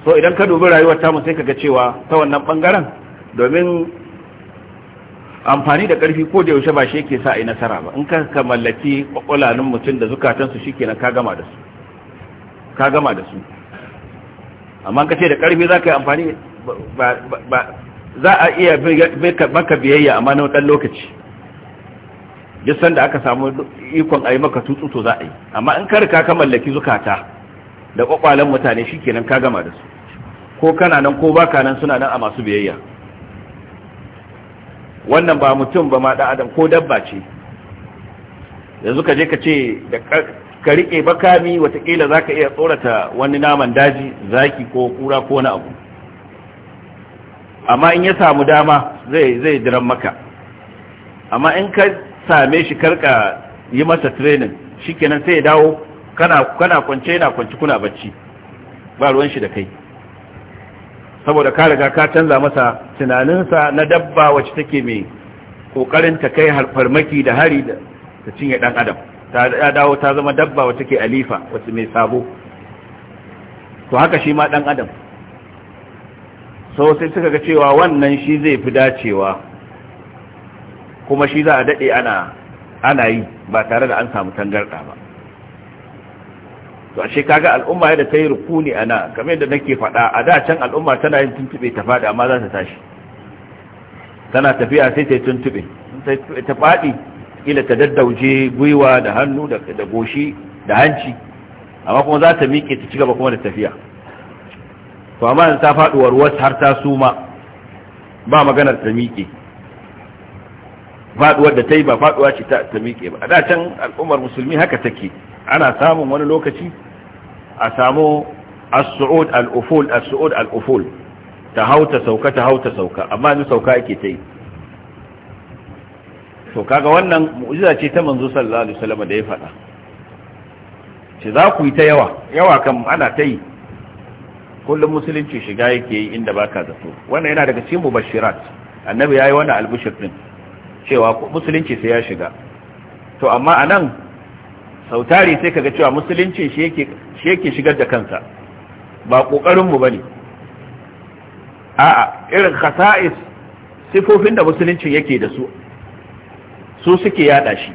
S2: so idan ka dubi rayuwar tamu sai ka ga cewa ta wannan bangaren domin amfani da karfi ko da yaushe ba shi yake sa a yi nasara ba in ka ka mallaki kwakwalanin mutum da zukatansu shikenan ka gama da su ka gama da su amma ka ce da karfi za ka yi amfani ba za a iya maka biyayya amma na wadannan lokaci duk sanda aka samu ikon a yi maka tutsu to za a yi amma in rika ka mallaki zukata da kwakwalen mutane shi kenan ka gama da su ko kana nan ko baka nan suna nan a masu biyayya wannan ba mutum ba ma da adam ko dabba ce yanzu ka je ka ce da ka rike bakami watakila za ka iya tsorata wani naman daji zaki ko kura ko wani abu amma in ya samu dama zai zai diran maka amma in ka same shi karka yi masa shi kenan sai ya dawo kana kana kwance yana kwance kuna bacci ba ruwan shi da kai saboda ka riga ka canza masa tunaninsa na dabba wacce take mai kokarin ta kai farmaki da hari da ta cinye dan adam ta dawo ta zama dabba wacce take alifa wacce mai sabo to haka shi ma dan adam so sai suka ga cewa wannan shi zai fi dacewa kuma shi za a dade ana ana yi ba tare da an samu tangarda ba to ashe kaga al'umma yadda ta yi rukuni a nan kamar yadda nake faɗa a da can al'umma tana yin tuntube ta faɗi amma za ta tashi tana tafiya sai ta yi tuntube ta faɗi ila ta daddauje gwiwa da hannu da goshi da hanci amma kuma za ta miƙe ta cigaba kuma da tafiya to amma yanzu ta faɗuwar wasu har ta suma ba maganar ta miƙe faɗuwar da ta yi ba faɗuwa ce ta miƙe ba a da can al'ummar musulmi haka take ana samun wani lokaci a samu as-su'ud al-uful as-su'ud al-uful ta hauta sauka ta hauta sauka amma ni sauka yake ta yi to kaga wannan mu'jiza ce ta manzo sallallahu alaihi wasallam da ya faɗa ce za ku yi ta yawa yawa kan ana ta yi kullum musulunci shiga yake yi inda baka zato wannan yana daga cikin mubashirat annabi yayi wannan albishir din cewa musulunci sai ya shiga to amma anan sautari sai kaga cewa musulunci shi yake shigar da kansa ba ƙoƙarinmu ba ne a'a irin khasa'is sifofin da musulunci yake da su su suke yada shi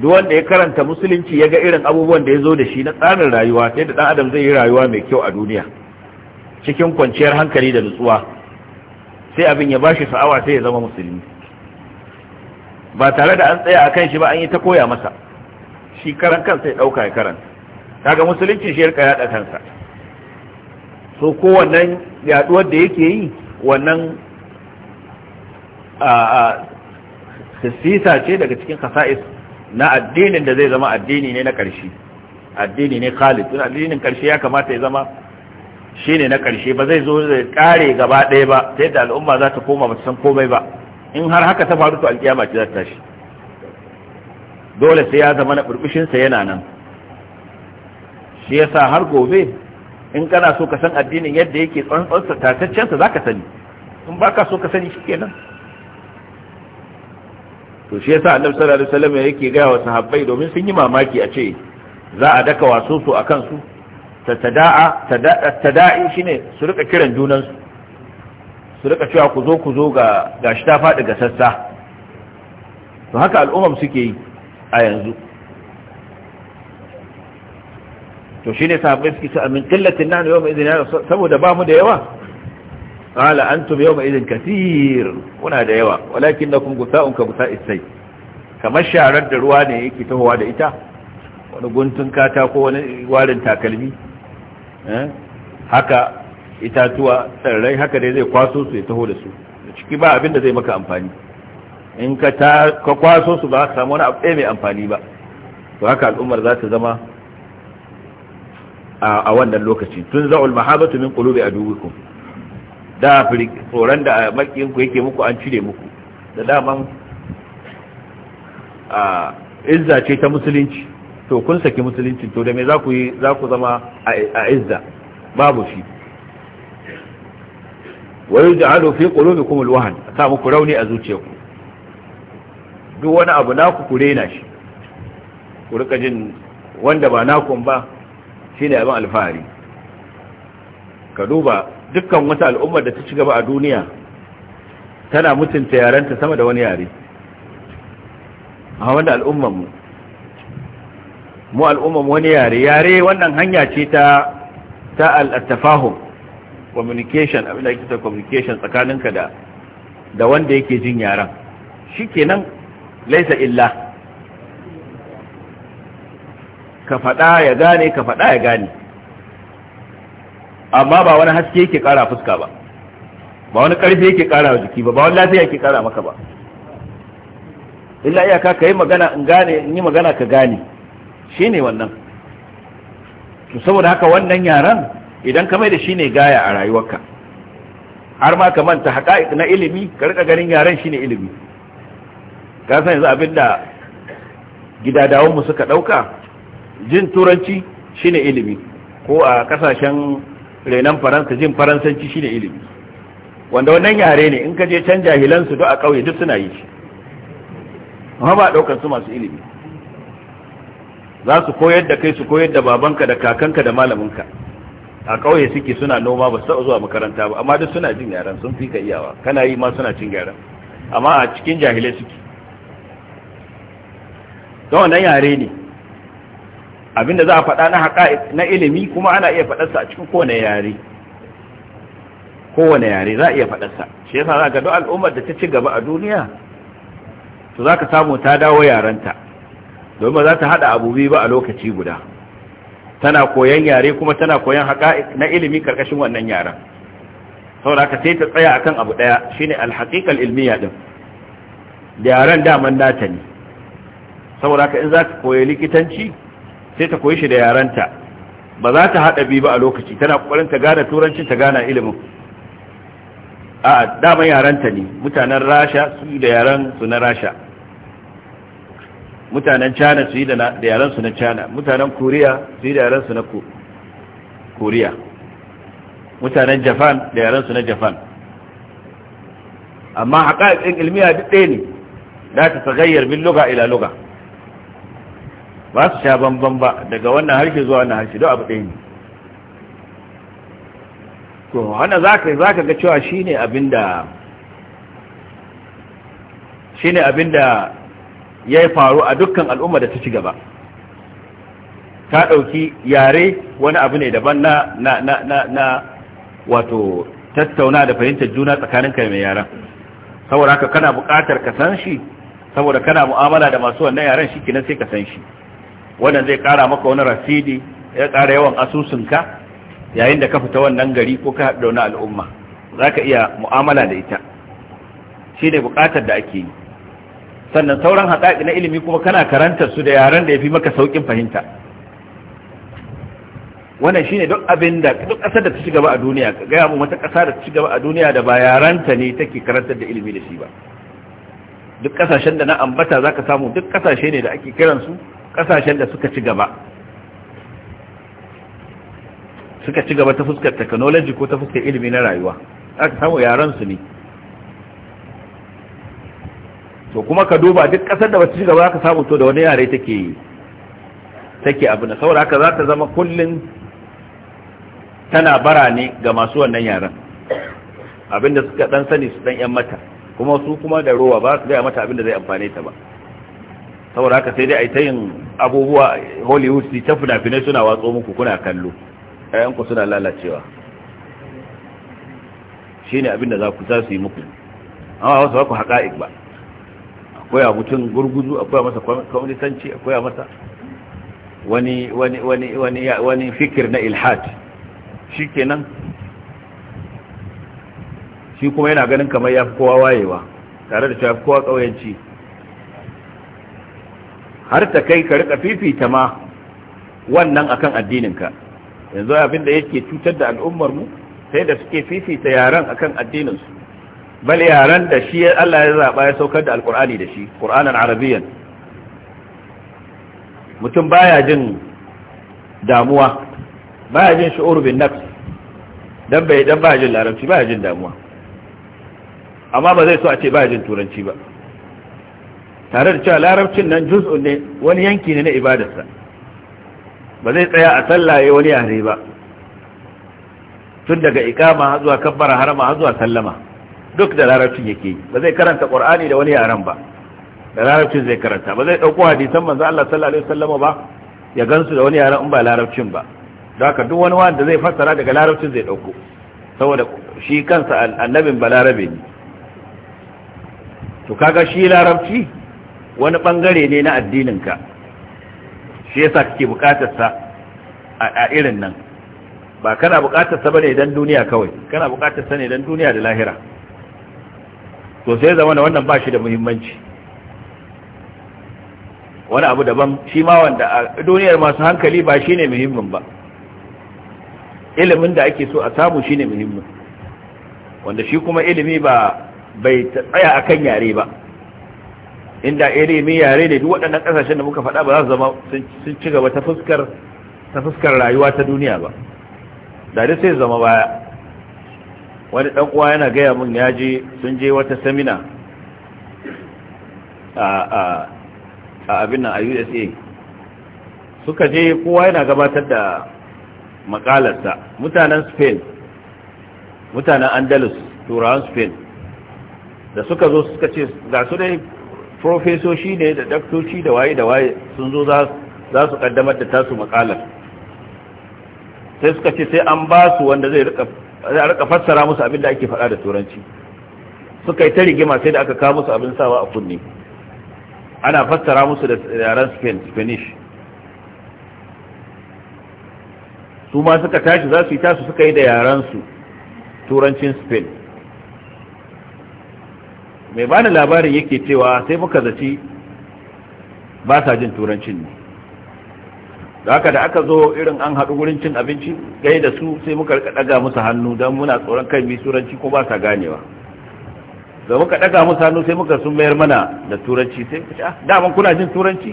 S2: duk wanda ya karanta musulunci ya ga irin abubuwan da ya zo da shi na tsarin rayuwa sai da dan adam zai yi rayuwa mai kyau a duniya cikin kwanciyar hankali da nutsuwa sai abin ya bashi sa'awa sai ya zama musulmi ba tare da an tsaya a kan shi ba an yi ta koya masa shi karan kansa ya dauka ya karanta kaga musulunci shi yarka yada kansa so ko wannan yaduwar da yake yi wannan a sisa ce daga cikin kasa'is na addinin da zai zama addini ne na ƙarshe addini ne khalid addinin ƙarshe ya kamata ya zama shi ne na ƙarshe ba zai zo zai kare gaba ɗaya ba ta yadda al'umma za ta koma ba san komai ba in har haka ta faru to alƙiyama ce za ta tashi dole sai ya zama na sa yana nan shi yasa har gobe in kana so ka san addinin yadda yake tsantsansa tataccensa za ka sani in ba ka so ka sani shi kenan to shi yasa annabi sallallahu alaihi wasallam yake ga wa sahabbai domin sun yi mamaki a ce za a daka waso su kansu ta tatada'a tada'i shine su rika kiran junan su su rika cewa ku zo ku zo ga gashi ta faɗi ga sassa to haka al'ummar suke yi a yanzu to shine sahabbai suke cewa min qillatin yau mai idhin saboda ba mu da yawa qala antum mai izin kathir kuna da yawa walakin walakinnakum gusa'un ka gusa'is sai kamar sharar da ruwa ne yake tahowa da ita wani guntun kata ko wani warin takalmi eh, haka itatuwa tsirrai haka dai zai kwaso su ya taho da su ciki ba abin da zai maka amfani in ka kwaso su ba ka samu wani abu mai amfani ba to haka al'ummar za ta zama a wannan lokaci tun za'ul mahabatu min qulubi aduwikum da tsoron da ku yake muku an cire muku da daman a izza ce ta musulunci to kun saki musulunci to da me za ku yi za ku zama a izza babu shi wa yaj'alu fi qulubikum alwahan ta muku rauni a zuciyarku duk wani abu naku ku rena shi ku rika jin wanda ba nakun ba shine abin alfahari ka duba dukkan wata al'ummar da ta ci gaba a duniya tana mutunta yarenta sama da wani yare a wanda al'ummar mu mu al'ummar wani yare yare wannan hanya ce ta ta al-tafahum communication abin da ake ta communication tsakaninka da da wanda yake jin yaran shikenan laisa illa ka faɗa ya gane ka faɗa ya gane amma ba wani haske yake ƙara fuska ba ba wani ƙarfi yake ƙara jiki ba ba wani lafiya yake ƙara maka ba illa iyaka ka yi magana in gane in yi magana ka gane shi ne wannan to saboda haka wannan yaran idan ka mai da shi ne gaya a rayuwarka har ma ka manta haƙa'iq na ilimi ka riƙa ganin yaran shi ne ilimi ka san yanzu abin da gidadawanmu suka ɗauka jin turanci shine ilimi ko a ƙasashen renon faransa jin faransanci shine ilimi wanda wannan yare ne in ka je can jahilansu duk a ƙauye duk suna yi shi amma ba ɗaukar su masu ilimi za su koyar da kai su koyar da babanka da kakanka da malaminka a ƙauye suke suna noma ba su taɓa zuwa makaranta ba amma duk suna jin yaran sun fi ka iyawa kana yi ma suna cin yaran amma a cikin jahilai suke don wannan yare ne abinda za a faɗa na haƙa na ilimi kuma ana iya faɗarsa a cikin kowane yare kowane yare za a iya faɗarsa shi yasa za ga duk al'ummar da ta ci gaba a duniya to za ka samu ta dawo yarenta domin ba za ta haɗa abu biyu ba a lokaci guda tana koyan yare kuma tana koyan haƙa na ilimi karkashin wannan yaren saboda ka sai ta tsaya akan abu ɗaya shine alhaqiqal ilmiya din da yaren daman nata ne saboda ka in za ka koyi likitanci sai ta koyi shi da yaranta ba za ta haɗa biyu ba a lokaci tana kokarin ta gane turanci ta gane ilimin a daman yaranta ne mutanen rasha su yi da yaran su na rasha mutanen china su yi da yaran su na china mutanen korea su yi da yaran su na korea mutanen japan da yaran su na japan amma haƙaƙin ilmiya duk ɗaya ne za ta tsagayyar min luga ila luga ba su sha bambam ba daga wannan harshe zuwa wannan harshe don abu ɗaya ne to hana za ka ga cewa shine abinda shine abinda yi faru a dukkan al'umma da ta ci gaba ta ɗauki yare wani abu ne daban na na na na wato tattauna da fahimtar juna tsakanin kai mai yaren. saboda haka kana buƙatar ka san shi saboda kana mu'amala da masu wannan yaren shi kinan sai ka san shi wannan zai kara maka wani rasidi ya kara yawan asusunka yayin da ka fita wannan gari ko ka haɗa wani al'umma za ka iya mu'amala da ita shi ne buƙatar da ake yi sannan sauran haƙaƙi na ilimi kuma kana karantar su da yaren da ya fi maka sauƙin fahimta wannan shi ne duk abin da duk ƙasar da ta ci gaba a duniya ka gaya mu wata ƙasa da ta ci gaba a duniya da ba yaranta ne take karantar da ilimi da shi ba duk ƙasashen da na ambata za ka samu duk ƙasashe ne da ake kiransu kasashen da suka ci gaba suka ci gaba ta fuskar technology ko ta fuskar ilimi na rayuwa aka samu yaran su ne to kuma ka duba duk kasar da ba ci gaba aka samu to da wani yare take take abu na saboda haka za ta zama kullun tana bara ne ga masu wannan yaran abinda suka dan sani su dan yan mata kuma su kuma da rowa ba su gaya mata abinda zai amfane ta ba saboda haka sai dai a yi ta yin abubuwa hollywood su ta fina-finai suna watso muku kuna kallo ku suna lalacewa shi ne abinda za ku za su yi muku amma wasu ba ku haƙa'ik ba akwai a mutum gurguzu akwai a masa kwamnisanci akwai a masa wani wani wani wani wani fikir na ilhad shi kenan shi kuma yana ganin kamar ya fi kowa wayewa tare da cewa kowa ƙauyenci har ta kai ka rika fifita ma wannan akan addininka yanzu abin da yake cutar da al'ummar mu sai da suke fifita yaran akan addinin su bal yaran da shi Allah ya zaba ya saukar da alqur'ani da shi qur'anan arabiyyan mutum baya jin damuwa baya jin shi bin nafs dan bai dan baya jin larabci baya jin damuwa amma ba zai so a ce baya jin turanci ba tare da cewa larabcin nan juz'un ne wani yanki ne na ibadarsa ba zai tsaya a sallaye wani yare ba tun daga ikama zuwa kabbara harama zuwa sallama duk da larabcin yake ba zai karanta qur'ani da wani yaren ba da larabcin zai karanta ba zai dauko hadisan manzo Allah sallallahu alaihi wasallam ba ya gansu da wani yaren in ba larabcin ba don haka duk wani wanda zai fassara daga larabcin zai dauko saboda shi kansa annabin balarabe ne to kaga shi larabci wani bangare ne na addininka shi yasa kake bukatar sa a irin nan ba kana bukatar sa bane don duniya kawai kana bukatar sa ne don duniya da lahira to sai zama da wannan ba shi da muhimmanci wani abu daban shi ma wanda a duniyar masu hankali ba shi ne muhimmin ba ilimin da ake so a samu shi ne muhimmin wanda shi kuma ilimi ba bai tsaya akan yare ba inda iri mai yare ne duk waɗannan ƙasashen da muka faɗa ba za su zama sun ci gaba ta fuskar rayuwa ta duniya ba da dai sai zama baya wani ɗan uwa yana gaya mun ya je sun je wata samina a abin nan a usa suka je kowa yana gabatar da makalarsa mutanen spain mutanen andalus turawan spain da suka zo suka ce ga su dai profesoshi ne da daktoci da waye da waye sun zo za su kaddamar da tasu makalar sai suka ce sai an ba su wanda zai rika fassara musu abin da ake faɗa da turanci suka yi ta rigima sai da aka kawo musu abin sawa a kunne ana fassara musu da yaren spain spanish su ma suka tashi za su yi tasu suka yi da yarensu turancin spain mai ba da labarin yake cewa sai muka zaci ba sa jin turancin ne da haka da aka zo irin an haɗu wurin cin abinci gai da su sai muka ɗaga musu hannu don muna tsoron kai mai turanci ko ba sa ganewa da muka ɗaga musu hannu sai muka sun mayar mana da turanci sai kuka ce ah, daman kuna jin turanci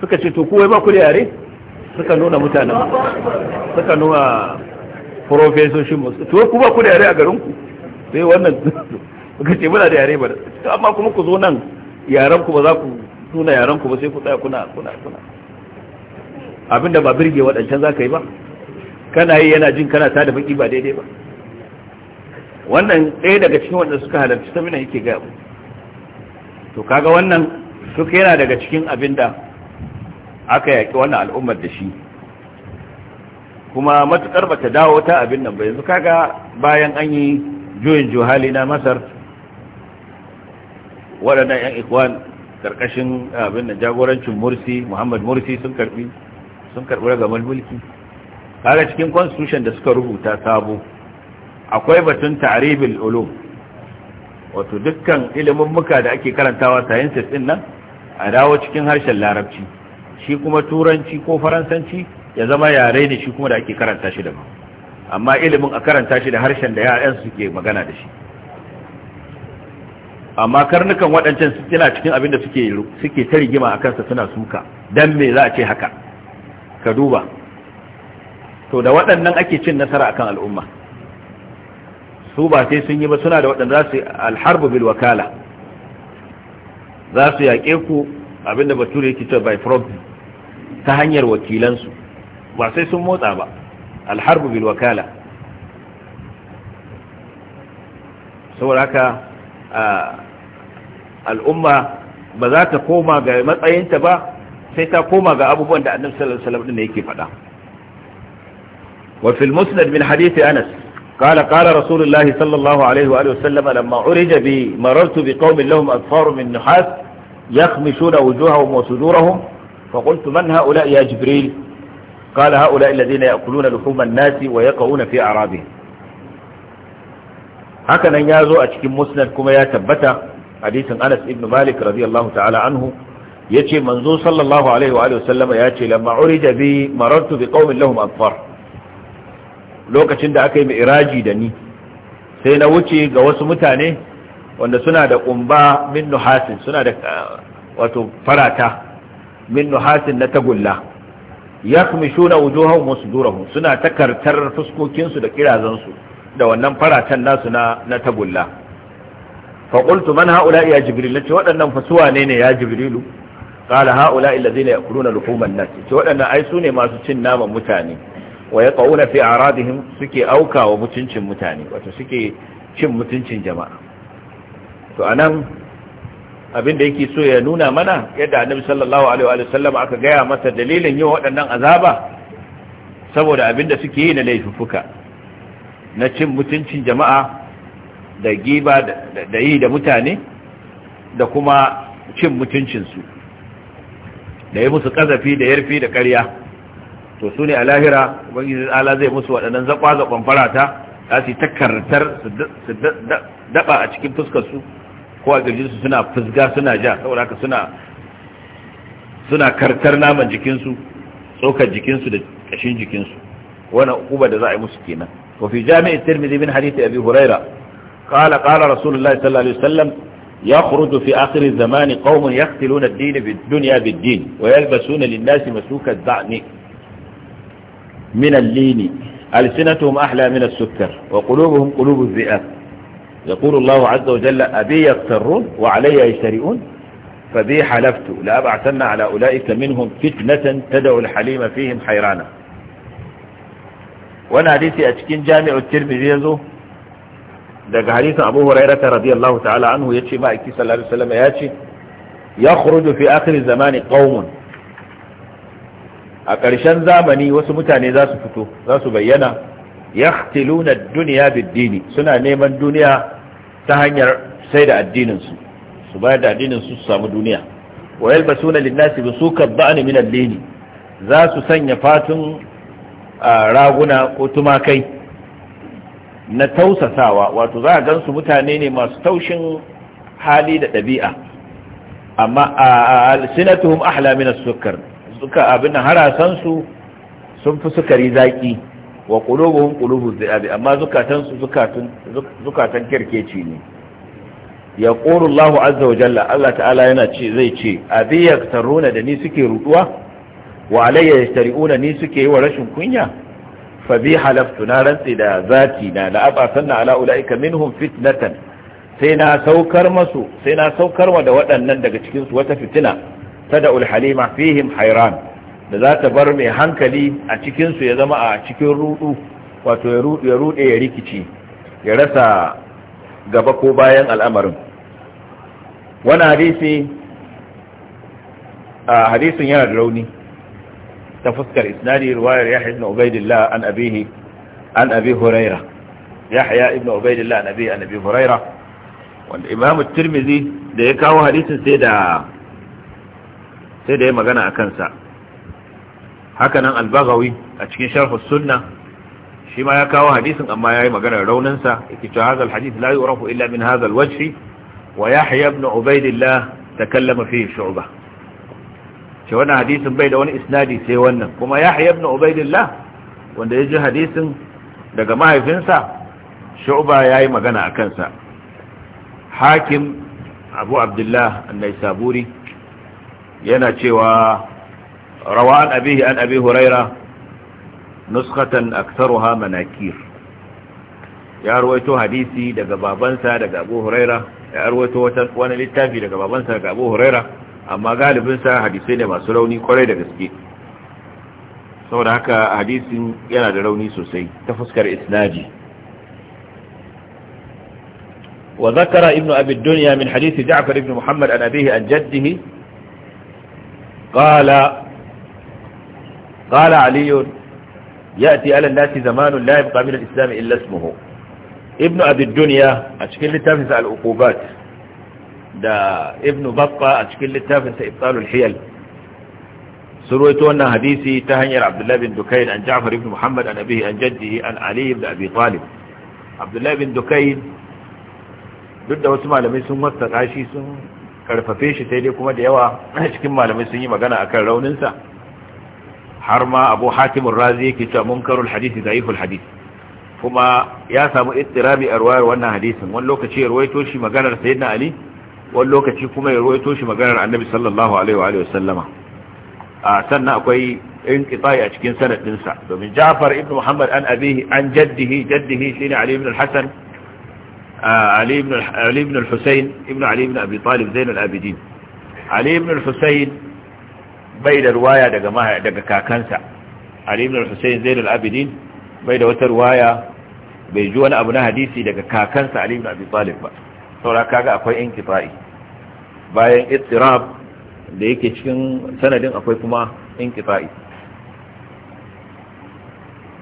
S2: suka ce to kowai ba ku da yare suka nuna mutanen suka nuna profesoshin musu to ku ba ku da yare a garinku sai wannan suka ce muna da yare ba amma kuma ku zo nan yaran ku ba za ku nuna yaran ku ba sai ku tsaya kuna kuna kuna abinda ba birge waɗancan za ka yi ba kana yi yana jin kana ta da baki ba daidai ba wannan ɗaya daga cikin wanda suka halarci samina yake ga to kaga wannan suka yana daga cikin abinda aka yaƙi wannan al'ummar da shi kuma matuƙar bata dawo ta abin nan ba yanzu kaga bayan an yi juyin juhali na masar waɗannan 'yan ikwan karkashin abin da jagorancin mursi muhammad mursi sun karɓi sun mulki kaga cikin constitution da suka rubuta sabo akwai batun ta'ribil ulum wato dukkan ilimin muka da ake karantawa sciences din nan a dawo cikin harshen larabci shi kuma turanci ko faransanci ya zama yare ne shi kuma da ake karanta shi daban amma ilimin a karanta shi da harshen da yayan ke magana da shi amma karnukan waɗancan suna cikin abin da suke ta rigima a kansa suna suka don me za a ce haka ka duba to da waɗannan ake cin nasara akan al'umma su ba sai sun yi ba suna da waɗanda za su alharbu bil wakala za su yaƙe ku abinda bature yake cewa by proxy ta hanyar wakilansu ba sai sun motsa ba الحرب بالوكالة سوى لك آه، الأمة بذات قومة ما تأينت با سيتا قومة أبو بوان النبي صلى الله عليه وسلم إنه يكيف وفي المسند من حديث أنس قال قال رسول الله صلى الله عليه وآله وسلم لما عرج بي مررت بقوم لهم أظفار من نحاس يخمشون وجوههم وصدورهم فقلت من هؤلاء يا جبريل قال هؤلاء الذين يأكلون لحوم الناس ويقعون في أعرابهم هكذا يازو أتكم مسند كما يتبت حديث أنس ابن مالك رضي الله تعالى عنه يتي منزو صلى الله عليه وآله وسلم يتي لما عرج بي مررت بقوم لهم أطفار lokacin da aka yi iraji da ni sai na wuce ga wasu mutane wanda suna da ƙumba min nuhasin suna da wato farata min nuhasin na tagulla yakmishuna wujuhahum wa musudurahu suna takartar fuskokinsu da kirazansu da wannan faratan nasu na na tagulla fa qultu man haula ya jibril lati waɗannan fasuwa ne ne ya jibrilu qala haula alladhina yakuluna luhuman nas ce waɗannan ai su ne masu cin naman mutane wa yaqauna fi aradihim suke auka wa mutuncin mutane wato suke cin mutuncin jama'a to anan abinda yake so ya nuna mana yadda annabi sallallahu alaihi wa sallam aka gaya masa dalilin yin waɗannan azaba saboda abinda suke yi na laifuka na cin mutuncin jama'a da giba da yi da mutane da kuma cin mutuncinsu da yi musu kazafi da yarfi da ƙarya to su ne a lahira ubangiji ala zai musu waɗannan zakwa-zakon farata za su yi takartar su daɓa a cikin fuskarsu kowa jirginsu suna fusga suna ja saboda haka suna karkar naman jikinsu tsokar jikinsu da kashin jikinsu wani uba da za a yi musu kenan wafi jami'i tirmidhi bin hadithi abi huraira qala qala rasulullahi sallallahu alaihi wasallam yakhruju fi akhir zamani qaumun yaqtiluna ad-din bid-dunya bid-din wa yalbasuna lin-nasi masuka ad-da'ni min al-lini alsinatuhum ahla min as-sukkar wa qulubuhum qulubu az-zi'ab يقول الله عز وجل أبي يقترون وعلي يشترئون فبي حلفت لأبعثن على أولئك منهم فتنة تدعو الحليم فيهم حيرانا وانا حديث أتكين جامع الترمذيز دق حديث أبو هريرة رضي الله تعالى عنه يتشي ما إكي صلى الله عليه وسلم يتشي يخرج في آخر الزمان قوم أكرشان زامني وسمتاني ذاس فتو ذاس بينا يختلون الدنيا بالدين سنة نيمان دنيا ta hanyar sai da addininsu su bayar da addininsu su samu duniya wa yalbasuna lin-nasi busukan da'an min al-lini za su sanya fatun raguna ko tumakai na tausasawa wato za a gansu mutane ne masu taushin hali da ɗabi'a amma alsinatuhum ahla min as-sukkar suka abin harasansu sun fi sukari zaki wa qulubuhum qulubu dhi'ab amma zukatan zukatun zukatan kirkeci ne ya qulu Allahu azza wa jalla Allah ta'ala yana ce zai ce abi yaktaruna da ni suke ruduwa wa alayya yastari'una ni suke yi wa rashin kunya fa bi halaftu na rantsi da zati na la abasanna ala ulaika minhum fitnatan sai na saukar masu sai na saukar wa da waɗannan daga cikin su wata fitina tada'ul halima fihim hayran da za ta bar mai hankali a cikinsu ya zama a cikin rudu wato ya rude ya rikici ya rasa gaba ko bayan al'amarin wani hadisi a hadisun yana da rauni ta fuskar isnadi ruwayar yahya ibn ubaidillah an abihi an abi huraira yahya ibn ubaidillah an abi an abi huraira wanda imam Tirmizi da ya kawo hadisin sai da sai da ya magana a kansa hakanan albagawi a cikin sharhu sunna shi ma ya kawo hadisin amma yi magana raunin sa yake cewa hadha alhadith la yu'rafu illa min hadha alwajh wa yahya ibn ubaydillah takallama fihi shu'bah ce wannan hadisin bai da wani isnadi sai wannan kuma yahya ibn ubaydillah wanda ya ji hadisin daga mahaifinsa shu'ba yi magana a kansa hakim abu abdullah naisaburi yana cewa روى عن أبيه عن أبي هريرة نسخة أكثرها مناكير يا رويتو حديثي دقى بابنسا دقى أبو هريرة يا رويتو وانا للتافي دقى بابنسا دقى أبو هريرة أما قال بنسا حديثين ما سلوني قولي دقى سكي saboda haka hadisin yana da rauni sosai ta fuskar isnadi wa zakara ibnu abi dunya min hadisi ja'far ibn muhammad an abihi an jaddihi qala قال علي يأتي على الناس زمان لا يبقى من الإسلام إلا اسمه ابن أبي الدنيا أشكل لتافنس العقوبات da ibn baffa a cikin littafinsa ibtalul hiyal surwaito wannan hadisi ta hanyar abdullah bin dukayn an ja'far ibn muhammad an abihi an jaddihi an ali ibn abi talib bin dukayn duk da wasu malamai sun wasta shi sun karfafe shi sai dai kuma da yawa cikin malamai sun yi magana akan rauninsa har ma abu hatimun razi yake cewa munkarul hadisi da'iful hadisi kuma ya samu ittirabi a ruwayar wannan hadisin wani lokaci ya ruwaito shi maganar sayyidina ali wani lokaci kuma ya ruwaito shi maganar annabi sallallahu alaihi wa alihi a sannan akwai inqita'i a cikin sanadinsa domin Ja'far ibn Muhammad an abihi an jaddihi jaddihi shine Ali ibn al-Hasan Ali ibn Ali ibn al-Husayn ibn Ali ibn Abi Talib Zain abidin Ali ibn al-Husayn bai da ruwaya daga daga kakansa Ali ibn al-Husayn Zaid al-Abidin bai da wata ruwaya bai ji wani abu na hadisi daga kakansa Ali ibn Abi Talib ba saura kaga akwai inqita'i bayan ittirab da yake cikin sanadin akwai kuma inqita'i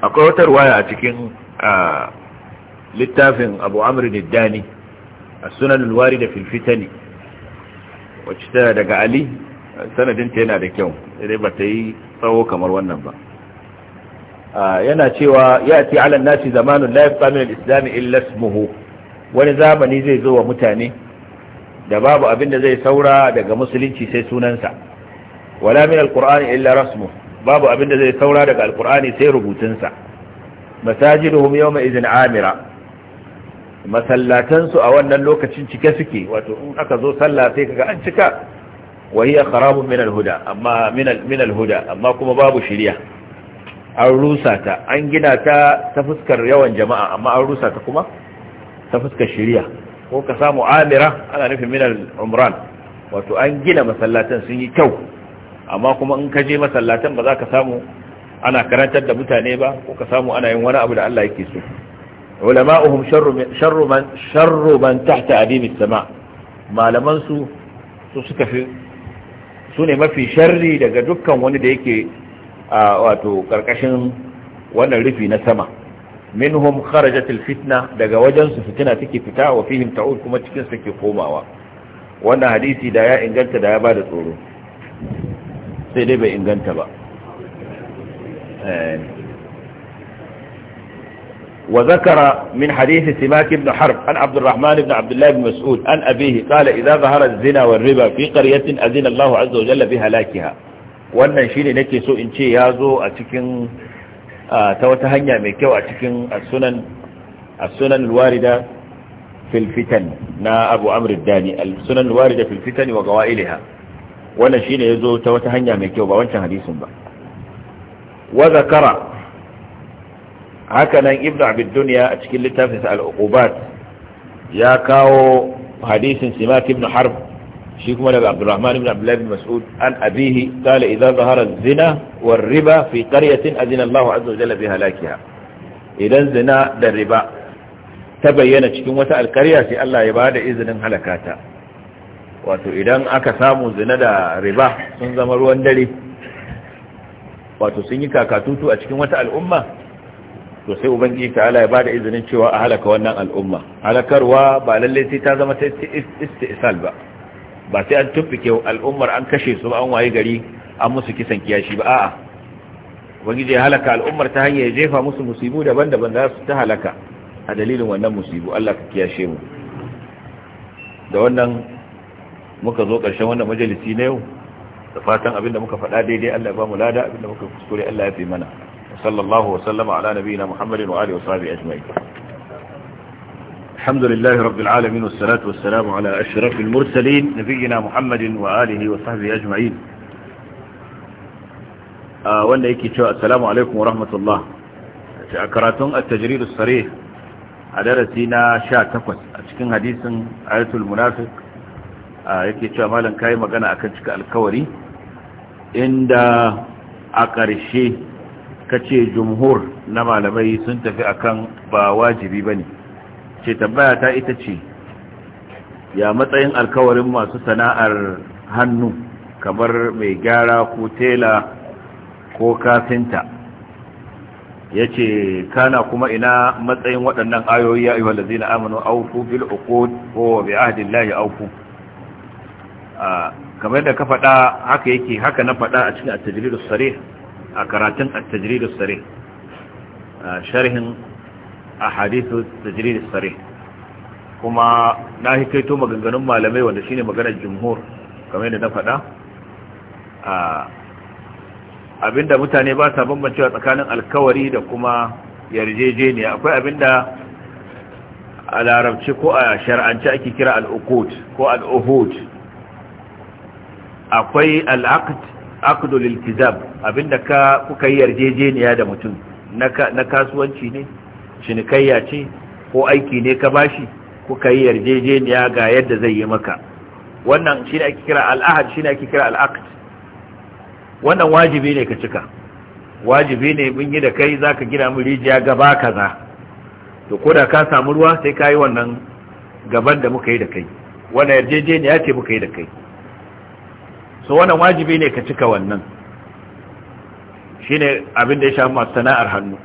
S2: akwai wata ruwaya a cikin littafin Abu Amr ad-Dani as-Sunan al-Warida fil Fitani wacce daga Ali sanadinta yana da kyau sai ba ta yi tsawo kamar wannan ba yana cewa ya ce alan nasi zamanin la yabqa islami al wani zamani zai zo wa mutane da babu abin da zai saura daga musulunci sai sunansa wala min al illa rasmu babu abin da zai saura daga al-qur'ani sai rubutunsa masajiduhum yawma idhin amira masallatansu a wannan lokacin cike suke wato in aka zo sallah sai kaga an cika wa hiya kharabun min al-huda amma min al-huda amma kuma babu shiriya an rusa ta an gina ta ta fuskar yawan jama'a amma an rusa ta kuma ta fuskar shiriya ko ka samu amira ana nufin minal umran wato an gina masallatan sun yi kyau amma kuma in ka je masallatan ba za ka samu ana karantar da mutane ba ko ka samu ana yin wani abu da Allah yake so ulama'uhum sharru man tahta adimi sama malaman su su suka fi su ne mafi sharri daga dukkan wani da yake wato karkashin wannan rufi na sama minhum kharajat fitna daga wajen su fitina take fita wa fihim ta'ud kuma cikin su take komawa wannan hadisi da ya inganta da ya bada tsoro sai dai bai inganta ba eh وذكر من حديث سماك بن حرب عن عبد الرحمن بن عبد الله بن مسعود عن أبيه قال إذا ظهر الزنا والربا في قرية أذن الله عز وجل بهلاكها wannan shine nake so in ce ya zo a cikin ta wata hanya mai kyau a cikin as-sunan as-sunan na Abu Amr dani as-sunan wannan shine ta wata hanya mai kyau ba wancan hadisin ba wa haka nan abid a cikin littafin sa ya kawo hadisin simak ibn harb shi kuma daga abdurrahman ibn abdullah ibn mas'ud an abihi qala idan zahara zina wa riba fi qaryatin azina Allahu azza wa jalla bi halakiha idan zina da riba ta bayyana cikin wata alkarya sai Allah ya bada izinin halakata wato idan aka samu zina da riba sun zama ruwan dare wato sun yi kakatutu a cikin wata al'umma to sai ubangiji ta'ala ya da izinin cewa a halaka wannan al'umma halakarwa ba lalle sai ta zama sai istisal ba ba sai an tuffike al'ummar an kashe su an waye gari an musu kisan kiyashi ba a'a ubangiji ya halaka al'ummar ta hanyar jefa musu musibu daban-daban da su ta halaka a dalilin wannan musibu Allah ka kiyashe mu da wannan muka zo karshen wannan majalisi na yau da fatan abinda muka faɗa daidai Allah ya ba mu lada abinda muka kuskure Allah ya fi mana sallallahu wa sallama ala nabiyina muhammadin wa alihi wa الحمد لله رب العالمين والصلاة والسلام على أشرف المرسلين نبينا محمد وآله وصحبه أجمعين wanda yake cewa assalamu alaikum wa rahmatullah a karatun at-tajrid as-sarih a darasi na 18 a cikin hadisin ayatul munafiq yake cewa malam kai magana akan cika alkawari inda a ƙarshe Ka ce jumhur na malamai sun tafi akan ba wajibi ba ne, ce tambaya ta ita ce ya matsayin alkawarin masu sana'ar hannu kamar mai gyara ko tela ko kafinta ya ce kana kuma ina matsayin waɗannan ayoyi ya yi wanda aminu auku bil uku ko bi ahdillahi auku kamar da ka faɗa haka yake haka na faɗa a cikin at-tajridus a karatun at-tajridus a sharhin ahadithu at-tajridus sarih kuma na hikaito maganganun malamai wanda shine maganar jumhur kamar yadda na faɗa abinda mutane ba sa bambancewa tsakanin alkawari da kuma yarjejeniya akwai abinda a larabci ko a shar'anci ake kira al'ukut ko al'uhud akwai al'aqd aqdul iltizam abinda ka kuka yi yarjejeniya da mutum na kasuwanci ne cinikayya ce ko aiki ne ka bashi kuka yi yarjejeniya ga yadda zai yi maka wannan shine ake kira al'ahad shine ake kira al'aqd wannan wajibi ne ka cika wajibi ne mun yi da kai zaka gina mu rijiya gaba kaza to ko ka samu ruwa sai ka yi wannan gaban da muka yi da kai wannan yarjejeniya ce muka yi da kai so wannan wajibi ne ka cika wannan shine abin da ya shafi masu sana'ar hannu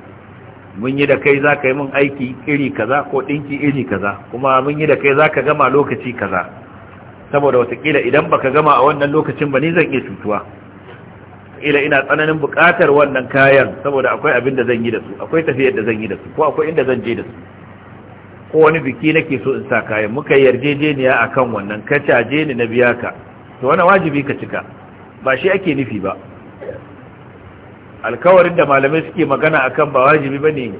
S2: mun yi da kai za ka yi mun aiki iri kaza ko ɗinki iri kaza kuma mun yi da kai za ka gama lokaci kaza saboda watakila idan baka gama a wannan lokacin ba ni zan iya cutuwa ila ina tsananin buƙatar wannan kayan saboda akwai abin da zan yi da su akwai tafiyar da zan yi da su ko akwai inda zan je da su ko wani biki nake so in sa kayan muka yarjejeniya akan wannan ka caje ni na biya ka to wani wajibi ka cika ba shi ake nufi ba alkawarin da malamai suke magana akan ba wajibi ba ne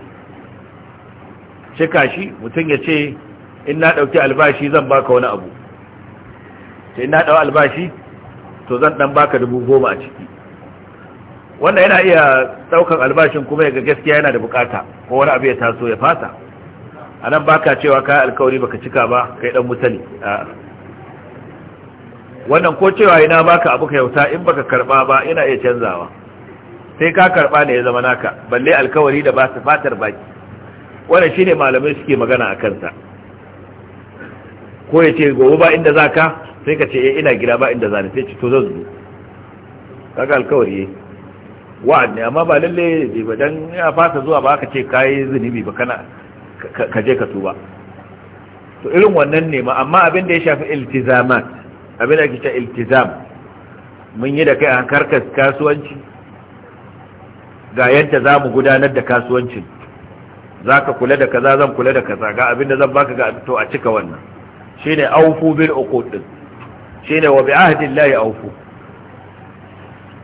S2: cika shi mutum ya ce in na ɗauki albashi zan baka wani abu in na ɗau albashi to zan ɗan baka dubu goma a ciki wanda yana iya ɗaukan albashin kuma ga gaskiya yana da bukata ko wani abu ya taso ya fata. a nan baka cewa kayan alkawari baka cika ba kai ɗan mutane wannan ko cewa ina baka abu kyauta in baka karba ba ina iya canzawa sai ka karba ne ya zama naka balle alkawari da ba su fatar baki wannan shine malamai suke magana a kansa ko ya ce gobe ba inda zaka sai ka ce eh ina gida ba inda zani sai ce to zan zo kaga alkawari wa'ad ne amma ba lalle ba dan ya fasa zuwa ba ka ce kai zunubi ba kana ka je ka tuba to irin wannan ne ma amma abin da ya shafi iltizamat abin da kita iltizam mun yi da kai a karkas kasuwanci ga yadda za mu gudanar da kasuwancin za ka kula da kaza zan kula da kaza ga abin da zan baka ga to a cika wannan shi ne aufu bil uqudin shi ne wa bi ahdin aufu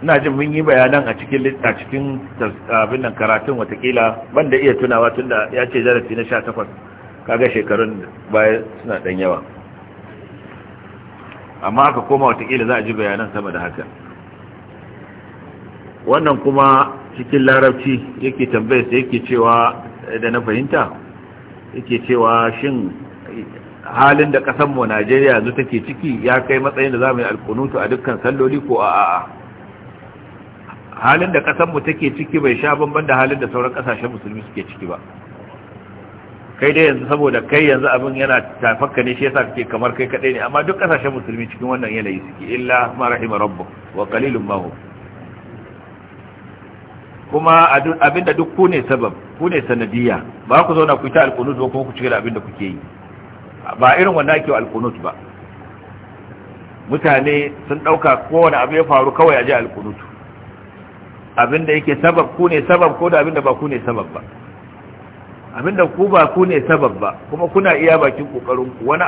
S2: ina jin mun yi bayanan a cikin a cikin abin nan karatun watakila ban da iya tunawa tunda ya ce zarafi na 18 kaga shekarun baya suna dan yawa amma aka koma watakila za a ji bayanan sama da haka wannan kuma cikin larabci yake sai yake cewa da na fahimta yake cewa shin halin da kasanmu najeriya yanzu take ciki ya kai matsayin da za mu yi alkunutu a dukkan salloli ko a'a halin da kasanmu take ciki bai sha bamban da halin da sauran kasashen musulmi suke ciki ba kai dai yanzu saboda kai yanzu abin yana tafakka ne shi yasa kake kamar kai kadai ne amma duk kasashen musulmi cikin wannan yanayi suke illa ma rahima rabbu wa qalilum ma hum kuma abinda duk ku ne sabab ku ne sanadiyya ba ku zauna ku ta alqunut ba kuma ku cigaba da abinda kuke yi ba irin wanda ake alqunut ba mutane sun dauka kowane abu ya faru kawai a je alqunut abinda yake sabab ku ne sabab ko da abinda ba ku ne sabab ba abinda ku ba ku ne sabab ba kuma kuna iya bakin kokarin ku wani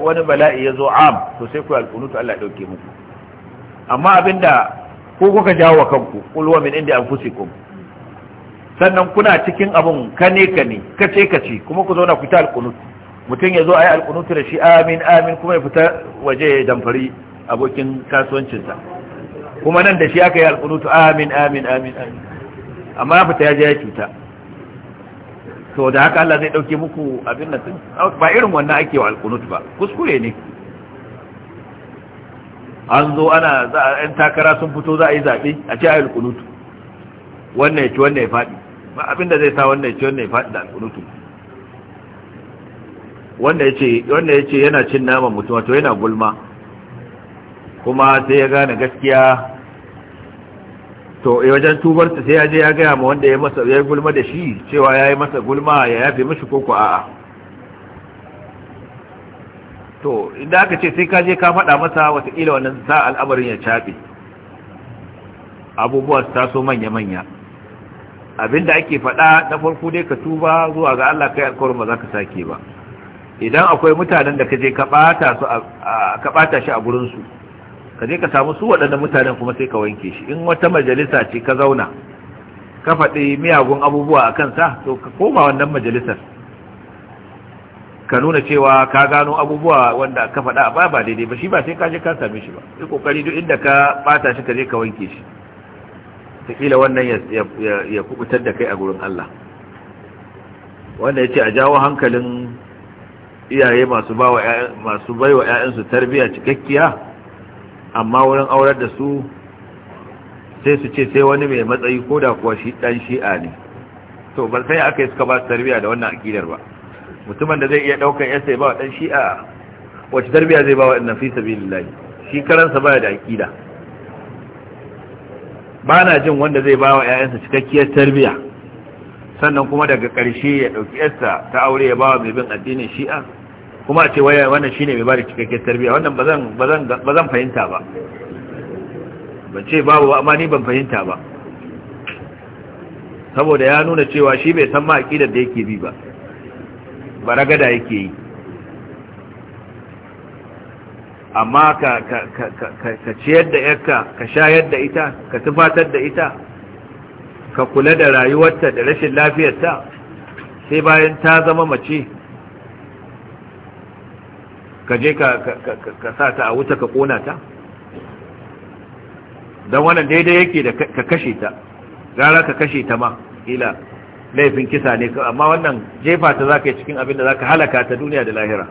S2: wani bala'i ya zo am to sai ku alkunutu Allah dauke muku amma abinda ku kuka jawo wa kanku qul wa min indi anfusikum sannan kuna cikin abun kane kane kace kace kuma ku zauna ku ta alkunutu mutum ya zo ayi alkunutu da shi amin amin kuma ya fita waje ya damfari abokin kasuwancinsa kuma nan da shi aka yi alkunutu amin amin amin amin amma fita ya je ya cuta to da haka Allah zai dauke muku abin nan ba irin wannan ake wa alqunut ba kuskure ne an zo ana za a yan takara sun fito za a yi zabe a ce a alqunut wannan ya ci wannan ya fadi ba abin da zai sa wannan ya ci wannan ya fadi da alqunut Wannan ya ce yana cin naman mutum wato yana gulma kuma sai ya gane gaskiya to eh, wajen tubarsa sai ya je ya gaya ma wanda ya masa ya gulma da shi cewa ya yi masa gulma ya yafe mashi koko a'a to inda aka ce sai ka je ka faɗa masa watakila wannan sa al'amarin ya caɓe abubuwa su taso manya-manya abinda ake faɗa na farko dai ka tuba zuwa ga Allah kai alkawarin ba za ka sake ba idan akwai mutanen da ka je ka ɓata shi a gurinsu ka je ka samu su waɗanda mutanen kuma sai ka wanke shi in wata majalisa ce ka zauna ka faɗi miyagun abubuwa a kansa to ka koma wannan majalisar ka nuna cewa ka gano abubuwa wanda ka faɗa a ba ba daidai ba shi ba sai ka je ka same shi ba sai kokari duk inda ka bata shi ka je ka wanke shi takila wannan ya kubutar da kai a gurin Allah wanda ya ce a jawo hankalin iyaye masu baiwa 'ya'yansu tarbiyya cikakkiya amma wurin aurar da su sai su ce sai wani mai matsayi ko da kuwa shi dan shi'a ne to ban sai aka yi suka ba su tarbiya da wannan akidar ba mutumin da zai iya daukar yasa ba wa dan shi'a wacce tarbiya zai ba wa inna fi shi karansa baya da akida ba na jin wanda zai ba wa ‘ya'yansa cikakkiyar tarbiya sannan kuma daga ƙarshe ya ɗauki ‘yarsa ta aure ya ba wa mai bin addinin shi'a kuma a ce waya wannan shine mai ba da cikakken tarbiyya wannan bazan bazan fahimta ba ban ce babu ba amma ni ban fahimta ba saboda ya nuna cewa shi bai san ma aqidar da yake bi ba baragada yake yi amma ka ka ciyar da yarka ka shayar da ita ka tufatar da ita ka kula da rayuwarta da rashin lafiyarta sai bayan ta zama mace ka je ka sa ta a wuta ka kona ta don wannan daidai yake da ka kashe ta gara ka kashe ta ma ila laifin kisa ne amma wannan jefa ta za ka yi cikin abin da za ka halaka ta duniya da lahira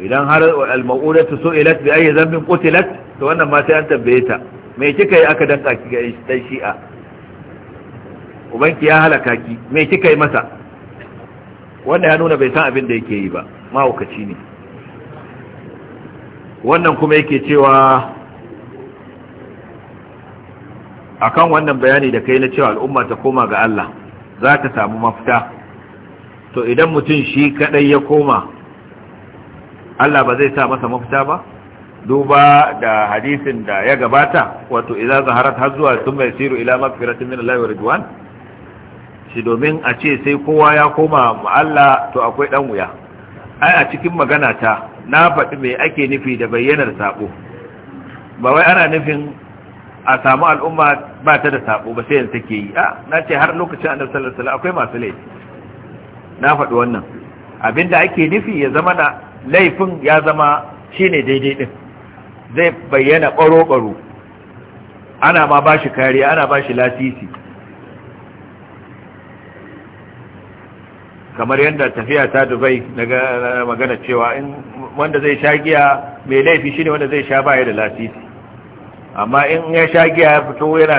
S2: idan har al-ma'udatu su'ilat bi ayi zambin qutilat to wannan ma sai an tambaye ta me kika yi aka danka ki ga dan shi'a ubanki ya halaka ki me kika yi masa wannan ya nuna bai san abin da yake yi ba mahaukaci ne wannan kuma yake cewa akan wannan bayani da kai na cewa al'umma ta koma ga Allah za ta samu mafita to idan mutum shi kadai ya koma Allah ba zai sa masa mafita ba duba da hadisin da ya gabata wato idza zaharat hazwa thumma yasiru ila maghfirati min Allah wa ridwan shi domin a ce sai kowa ya koma ma Allah to akwai dan wuya ai a cikin magana ta na faɗi me ake nufi da bayyanar saƙo. ba wai ana nufin a samu al'umma ba ta da saƙo ba sai yanzu ke yi a na ce har lokacin annabi sallallahu alaihi akwai masu laifi na faɗi wannan abinda ake nufi ya zama na laifin ya zama shine daidai din zai bayyana ɓaro-ɓaro ana ma ba shi kariya ana ba shi lasisi kamar yadda tafiya ta dubai daga eh, magana cewa in wanda zai sha giya mai laifi shine wanda zai sha baya da lasisi amma in ya sha giya ya fito yana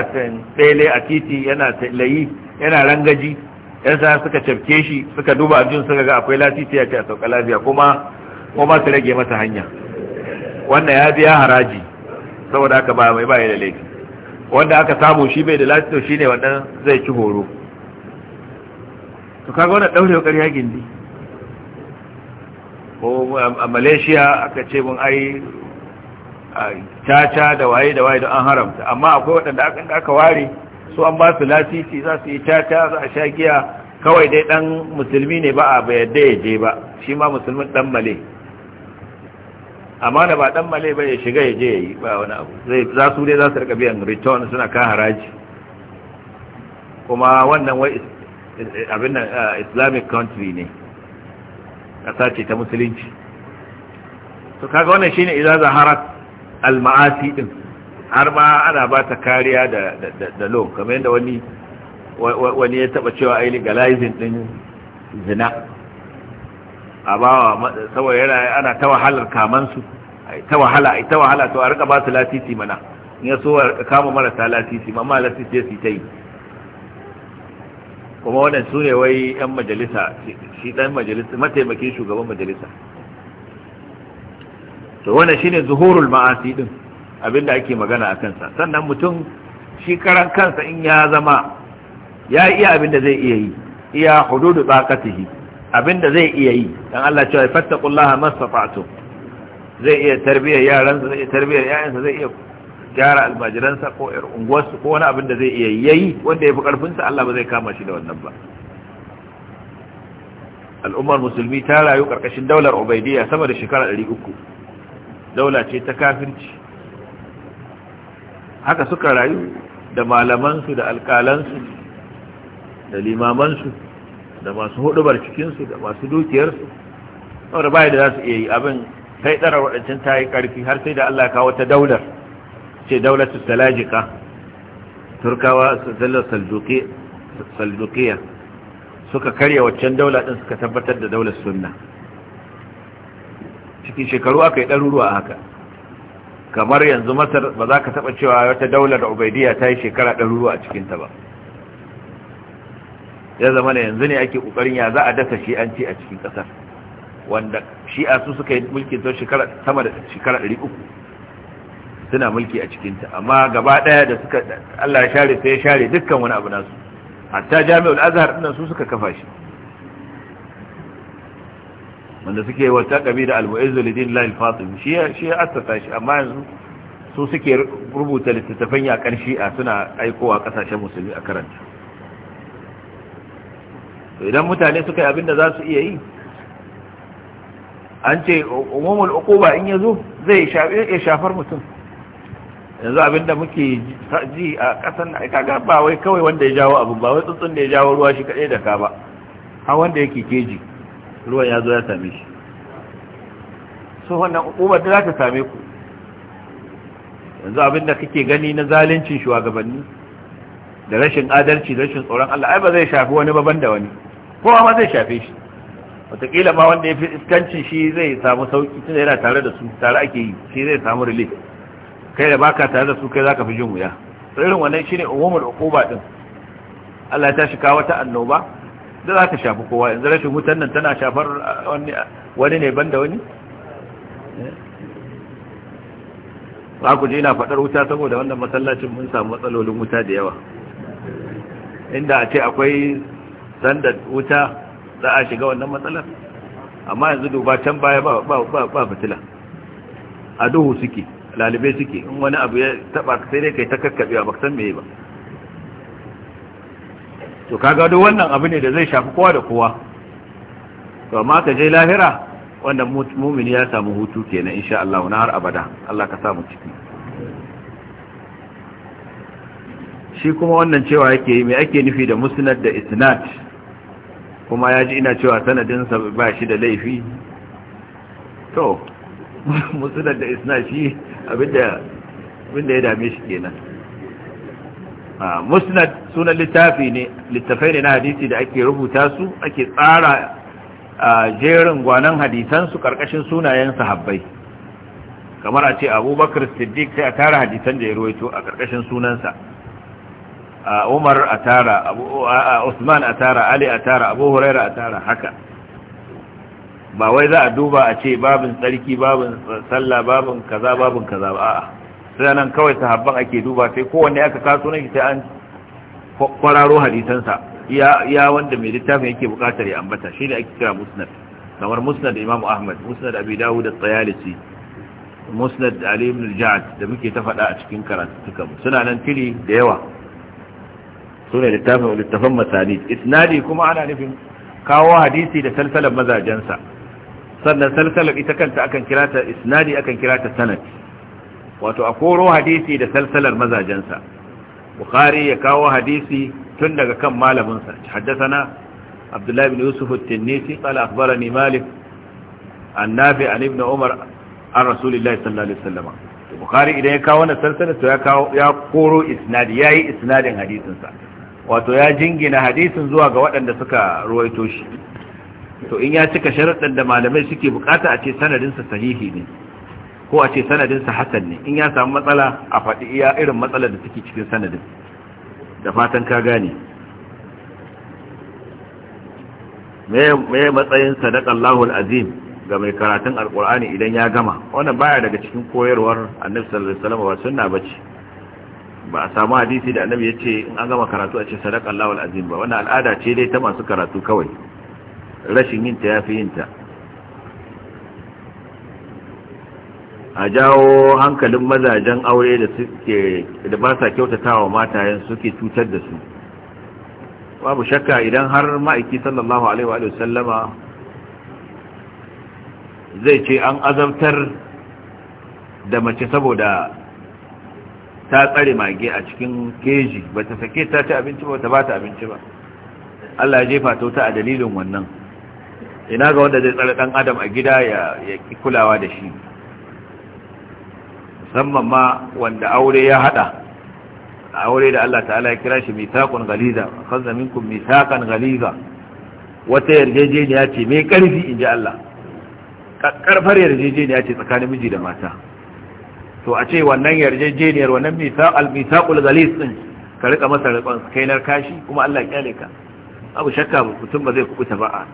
S2: tsele a titi yana layi yana rangaji yan sa suka cafke shi suka duba abin suka ga akwai lasisi ya ce a sauka lafiya kuma kuma su rage masa hanya wannan ya biya haraji saboda aka ba mai baya da laifi wanda aka samu shi bai da shi shine wannan zai ci horo to kaga wannan daurewa ƙarya gindi ko a malaysia aka ce mun ai caca da waye da waye da an haramta amma akwai waɗanda aka ware su an ba su lasisi za su yi caca za a sha giya kawai dai ɗan musulmi ne ba a yadda ya je ba shi ma musulmin ɗan male amma da ba ɗan male ba ya shiga ya je ya yi ba wani abu za su dai za su rika biyan return suna kan haraji kuma wannan wai abin nan ah, islamic country ne ƙasa ce ta musulunci to kaga wannan shine idan Zahara al-ma'asi din har ma ana ba ta kariya da da kamar yadda wani wani ya taba cewa ai legalizing din zina a wa saboda yana ana ta wahalar kaman su ai ta wahala ai ta wahala to a rika ba su latisi mana in ya so kama marasa latiti mamma latisi sai su yi kuma wannan su ne wai 'yan majalisa shi ɗan majalisa mataimakin shugaban majalisa to wannan shi ne zuhurul ma'asi ɗin abinda ake magana a kansa sannan mutum shi karan kansa in ya zama ya iya abinda zai iya yi iya hududu tsakatihi abinda zai iya yi don Allah cewa masu mastata'tum zai iya tarbiyyar yaransa zai iya tarbiyyar yayansa zai iya gyara almajiransa ko yar unguwarsu ko wani abin da zai iya yayi wanda ya fi karfinsa Allah ba zai kama shi da wannan ba al'ummar musulmi ta rayu karkashin daular ubaidiyya sama da shekara 300 daula ce ta kafirci haka suka rayu da malamansu da alƙalansu da limamansu da masu hudubar cikinsu da masu dukiyarsu saboda bayan da za su iya yi abin sai ɗara waɗancan ta yi ƙarfi har sai da Allah kawo ta daular ce daulatu salajika turkawa sallar saldukiya suka karya waccan daula din suka tabbatar da daular sunna cikin shekaru aka yi ɗaruruwa haka kamar yanzu masar ba za ka taɓa cewa wata daular Ubaidiya ta yi shekara ɗaruruwa a cikinta ba ya zama da yanzu ne ake ƙoƙarin ya za a dasa ci a cikin ƙasar wanda shi'a su suka yi mulkin sau shekara sama da shekara uku. suna mulki a cikinta amma gaba ɗaya da suka Allah ya share sai ya share dukkan wani abu nasu hatta jami'ul azhar ɗinnan su suka kafa shi wanda suke wata kabila al-mu'izzu lidin al fatim shi shi ya assasa shi amma yanzu su suke rubuta littattafan yaƙar a suna aikowa ƙasashen musulmi a karanta to idan mutane suka yi abin da za su iya yi an ce umumul uquba in yazo zai ya shafar mutum yanzu abin da muke ji a ƙasan na kaga ba wai kawai wanda ya jawo abu ba wai tsuntsun da ya jawo ruwa shi kaɗai da ka ba har wanda yake keji ruwan ya zo ya same shi so wannan ubar da za ta same ku yanzu abin da kake gani na zalincin shugabanni da rashin adalci da rashin tsoron Allah ai ba zai shafi wani ba banda wani kowa ma zai shafe shi wataƙila ma wanda ya fi iskancin shi zai samu sauƙi tun yana tare da su tare ake yi shi zai samu relief kai da baka tare da su kai zaka fi jin wuya to irin wannan shine umumul uquba din Allah ya tashi kawo wata annoba da za ta shafi kowa yanzu rashin wutan nan tana shafar uh, wani wani ne banda wani ba eh? ku je ina faɗar wuta saboda wannan masallacin mun samu matsalolin wuta da yawa inda a ce akwai sandar wuta za a shiga wannan matsalar amma yanzu duba can baya ba fitila a duhu suke lalibai suke in wani abu ya taba sai dai kai ta kakkabewa ba baksan meye ba to kaga duk wannan abu ne da zai shafi kowa da kowa to amma ka je lahira wannan mumini ya samu hutu kenan insha Allah na har abada Allah ka samu ciki shi kuma wannan cewa yake yi mai ake nufi da musnad da isnad kuma ya ji ina cewa sanadinsa ba shi da laifi to musnad da isnad shi abinda da ya dame shi kenan musnad sunan littafi ne littafai ne na hadisi da ake rubuta su ake tsara jerin gwanan hadisansu karkashin sunayen sahabbai kamar a ce abubakar siddiq sai a tara hadisan da ya ruwaito a karkashin sunansa umar a tara usman a tara ali a tara abu huraira a tara haka ba wai za a duba a ce babin tsarki babin sallah babin kaza babin kaza ba a'a sai nan kawai sahabban ake duba sai kowanne aka kaso ne sai an kwararo hadisansa ya ya wanda mai littafin yake bukatar ya ambata shi ne ake kira musnad kamar musnad Imam Ahmad musnad Abi Dawud at-Tayalisi musnad Ali ibn al-Ja'd da muke ta faɗa a cikin karatuka suna nan tili da yawa sune littafin littafan masanid isnadi kuma ana nufin kawo hadisi da salsalan mazajensa sannan salsalar ita kanta akan kira ta isnadi akan kira ta sanad wato a koro hadisi da salsalar mazajensa bukhari ya kawo hadisi tun daga kan malaminsa haddasana abdullahi bin yusuf at-tinnisi qala akhbarani malik an nafi an ibn umar an rasulillahi sallallahu alaihi wasallam bukhari idan ya kawo wannan salsalar to ya kawo ya koro isnadi yayi isnadin hadisin sa wato ya jingina hadisin zuwa ga waɗanda suka ruwaito shi to in ya cika sharaɗin da malamai suke bukata a ce sanadinsa sahihi ne ko a ce sanadinsa hasan ne in ya samu matsala a faɗi iya irin matsala da suke cikin sanadin da fatan ka gane mai matsayin al azim ga mai karatun alkur'ani idan ya gama wannan baya daga cikin koyarwar annabi sallallahu alaihi wasallam ba sunna bace ba a samu hadisi da annabi ya ce in an gama karatu a ce al-Azim ba wannan al'ada ce dai ta masu karatu kawai rashin yinta ya fi yinta a jawo hankalin mazajen aure da suke da ba sa kyautatawa matayen suke cutar da su babu shakka idan har ma'aiki sallallahu alaihi wa sallama zai ce an azabtar da mace saboda ta tsare mage a cikin keji ba ta sake ta ci abinci ba ta ba ta abinci ba Allah ya jefa ta a dalilin wannan ina ga wanda zai tsare dan adam a gida ya ki kulawa da shi musamman ma wanda aure ya hada aure da Allah ta'ala ya kira shi mithaqun ghaliza khazza minkum mithaqan ghaliza wata yarjejeniya ce mai karfi inji Allah karfar yarjejeniya ce tsakanin miji da mata to a ce wannan yarjejeniyar wannan mithaqal mithaqul ghaliz din ka rika masa rikon kainar kashi kuma Allah ya kyale ka abu shakka mutum ba zai kukuta ba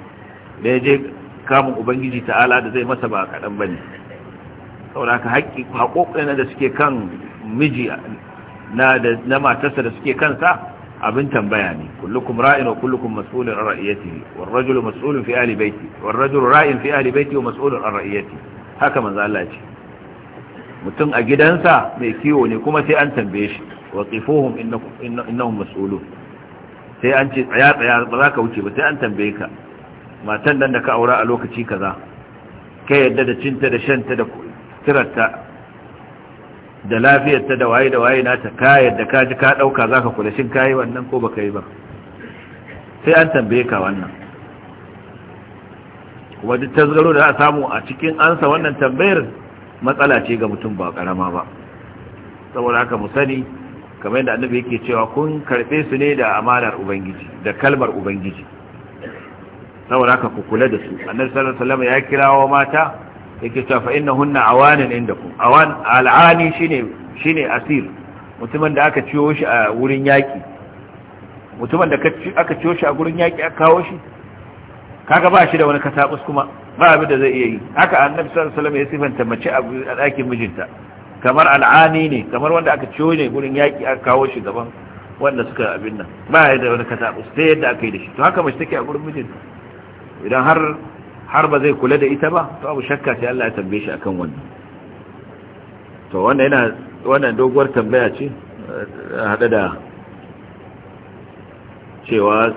S2: da ya je kamun ubangiji ta'ala da zai masa ba kaɗan ba ne sauraka haƙoƙin da suke kan miji na matarsa da suke kansa abin tambaya ne kullukum ra'in wa kullukum mas'ulun an ra'iyatihi war rajulu mas'ulun fi ahli baiti war rajulu ra'in fi ahli baiti wa mas'ulun an ra'iyatihi haka manzo Allah ce mutum a gidansa mai kiwo ne kuma sai an tambaye shi wa qifuhum innahum mas'ulun sai an ce tsaya tsaya ba za ka wuce ba sai an tambaye ka matan nan da ka aura a lokaci kaza ka yadda da cinta da shanta da tirarta da lafiyarta da waye da waye nata ka yadda ka ji ka dauka zaka kula shin kai wannan ko baka yi ba sai an tambaye ka wannan kuma duk tazgaro da za a samu a cikin ansa wannan tambayar matsala ce ga mutum ba karama ba saboda haka mu sani kamar yadda annabi yake cewa kun karbe su ne da amanar ubangiji da kalmar ubangiji saboda haka ku kula da su annabi sallallahu alaihi wasallam ya kirawo mata yake cewa fa innahunna awanan indakum awan al'ani shine shine asir mutumin da aka ciyo shi a wurin yaki mutumin da aka ciyo shi a gurin yaki aka kawo shi kaga ba shi da wani katabus kuma ba abin da zai iya yi haka annabi sallallahu alaihi wasallam ya sifanta mace a ɗakin mijinta kamar al'ani ne kamar wanda aka ciyo ne gurin yaki aka kawo shi gaban wanda suka abin nan ba ya da wani katabus sai yadda aka yi da shi to haka mace take a gurin mijinta idan har har ba zai kula da ita ba to abu shakka sai Allah ya tambaye shi akan wannan to wannan yana wannan doguwar tambaya ce eh, hada da cewa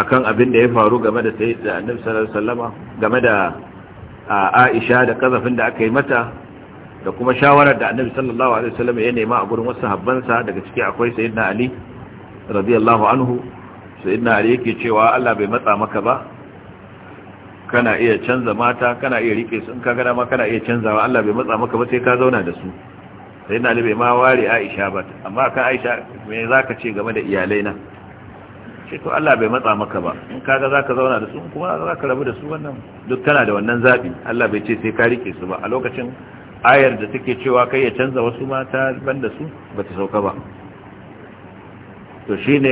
S2: akan abin da ya faru game da sai da Annabi sallallahu alaihi wasallama game da Aisha da kazafin da aka yi mata da kuma shawarar da Annabi sallallahu alaihi wasallama ya nema a gurin wasu habbansa daga ciki akwai Sayyidina Ali radiyallahu anhu Sayyidina Ali yake cewa Allah bai matsa maka ba kana iya canza mata kana iya rike su in ka ma kana iya canzawa Allah bai matsa maka ba sai ka zauna da su sai na libe ma wari Aisha ba amma kan Aisha me zaka ce game da iyalai na ce to Allah bai matsa maka ba in kaga zaka zauna da su kuma zaka rabu da su wannan duk kana da wannan zabi Allah bai ce sai ka rike su ba a lokacin ayar da take cewa kai ya canza wasu mata banda su bata sauka ba to shine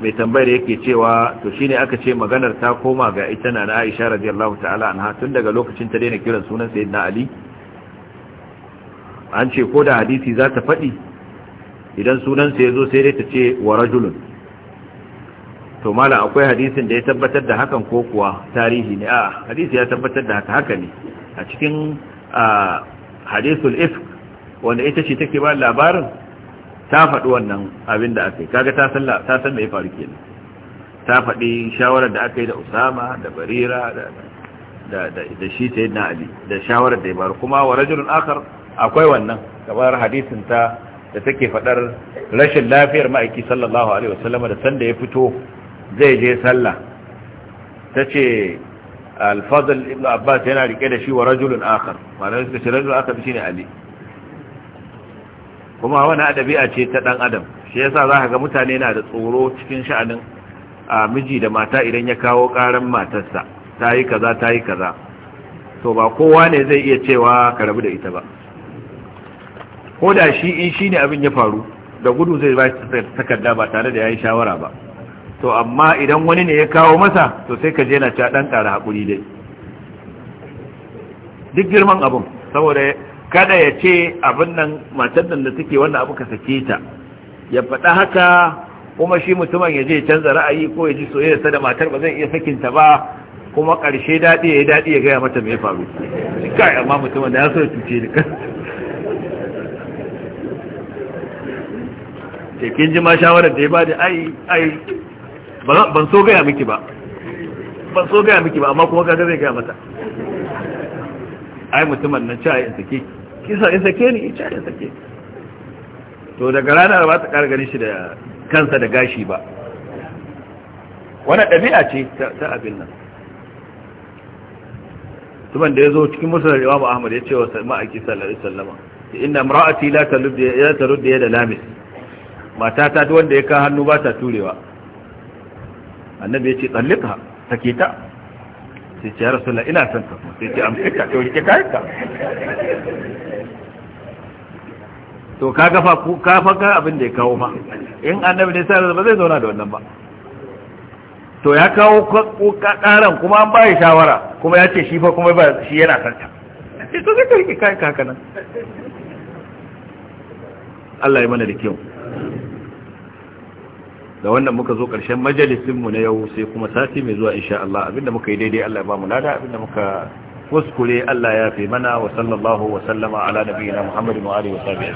S2: mai tambayar yake cewa to shine aka ce maganar ta koma ga ita na Aisha radiyallahu ta'ala anha tun daga lokacin ta daina kiran sunan sayyidina Ali an ce ko da hadisi za ta faɗi idan sunansa ya zo sai dai ta ce wa rajulun to mala akwai hadisin da ya tabbatar da hakan ko kuwa tarihi ne a hadisi ya tabbatar da haka haka ne a cikin hadisul ifk wanda ita ce take ba labarin ta faɗi wannan abin da aka yi kaga ta san da ya faru kenan ta faɗi shawarar da aka yi da usama da barira da shi ta yi na ali da shawarar da ya bar kuma wa rajulun akar akwai wannan kamar hadisin ta da take faɗar rashin lafiyar ma'aiki sallallahu alaihi wasallama da sanda ya fito zai je sallah ta ce alfadl ibn abbas yana rike da shi wa rajulun akar ma'anar suka ce rajulun akar shi ne ali kuma wani ɗabi'a ce ta ɗan adam shi yasa za ka ga mutane na da tsoro cikin sha'anin a miji da mata idan ya kawo ƙaran matarsa ta yi kaza ta yi kaza to ba kowa ne zai iya cewa ka rabu da ita ba ko da shi in shi ne abin ya faru da gudu zai ba shi takarda ba tare da ya yi shawara ba to amma idan wani ne ya kawo masa to sai ka je na ca ɗan ƙara haƙuri dai duk girman abin saboda kada ya ce abin nan matar nan da take wannan abu ka sake ta ya faɗa haka kuma shi mutumin ya je ya canza ra'ayi ko ya ji soyayya da matar ba zai iya sakinta ba kuma ƙarshe daɗi ya yi daɗi ya gaya mata mai faru kai amma mutumin da ya so ya cuce ni kan kin ji ma shawarar da ya bada ai ai ban so gaya miki ba ban so gaya miki ba amma kuma ga zai gaya mata ai mutumin nan cewa ya sake Kisa ya sake ni ya ya sake to daga ranar ba ta kara shi da kansa da gashi ba wannan ɗabi'a ce ta abin nan tuban da ya zo cikin musulun imamu ahmad ya ce wa ma'aiki sallallahu alaihi wasallama inna imra'ati la taludda ya da lamis mata ta wanda ya ka hannu ba ta turewa annabi ya ce tsallika take ta sai ce ya rasulullah ina son ka sai ce ta, to rike ka? to ka gafa ka faka abin da ya kawo ma in annabi ne sai ba zai zauna da wannan ba to ya kawo karan kuma an ba shawara kuma ya ce shi fa kuma ba shi yana san ta to zaka rike kai haka nan Allah ya mana da kyau da wannan muka zo karshen majalisin mu na yau sai kuma sati mai zuwa insha Allah abinda muka yi daidai Allah ya ba mu lada abinda muka kuskure Allah ya fi mana wa sallallahu wa sallama ala nabiyina Muhammadin wa alihi wa sahbihi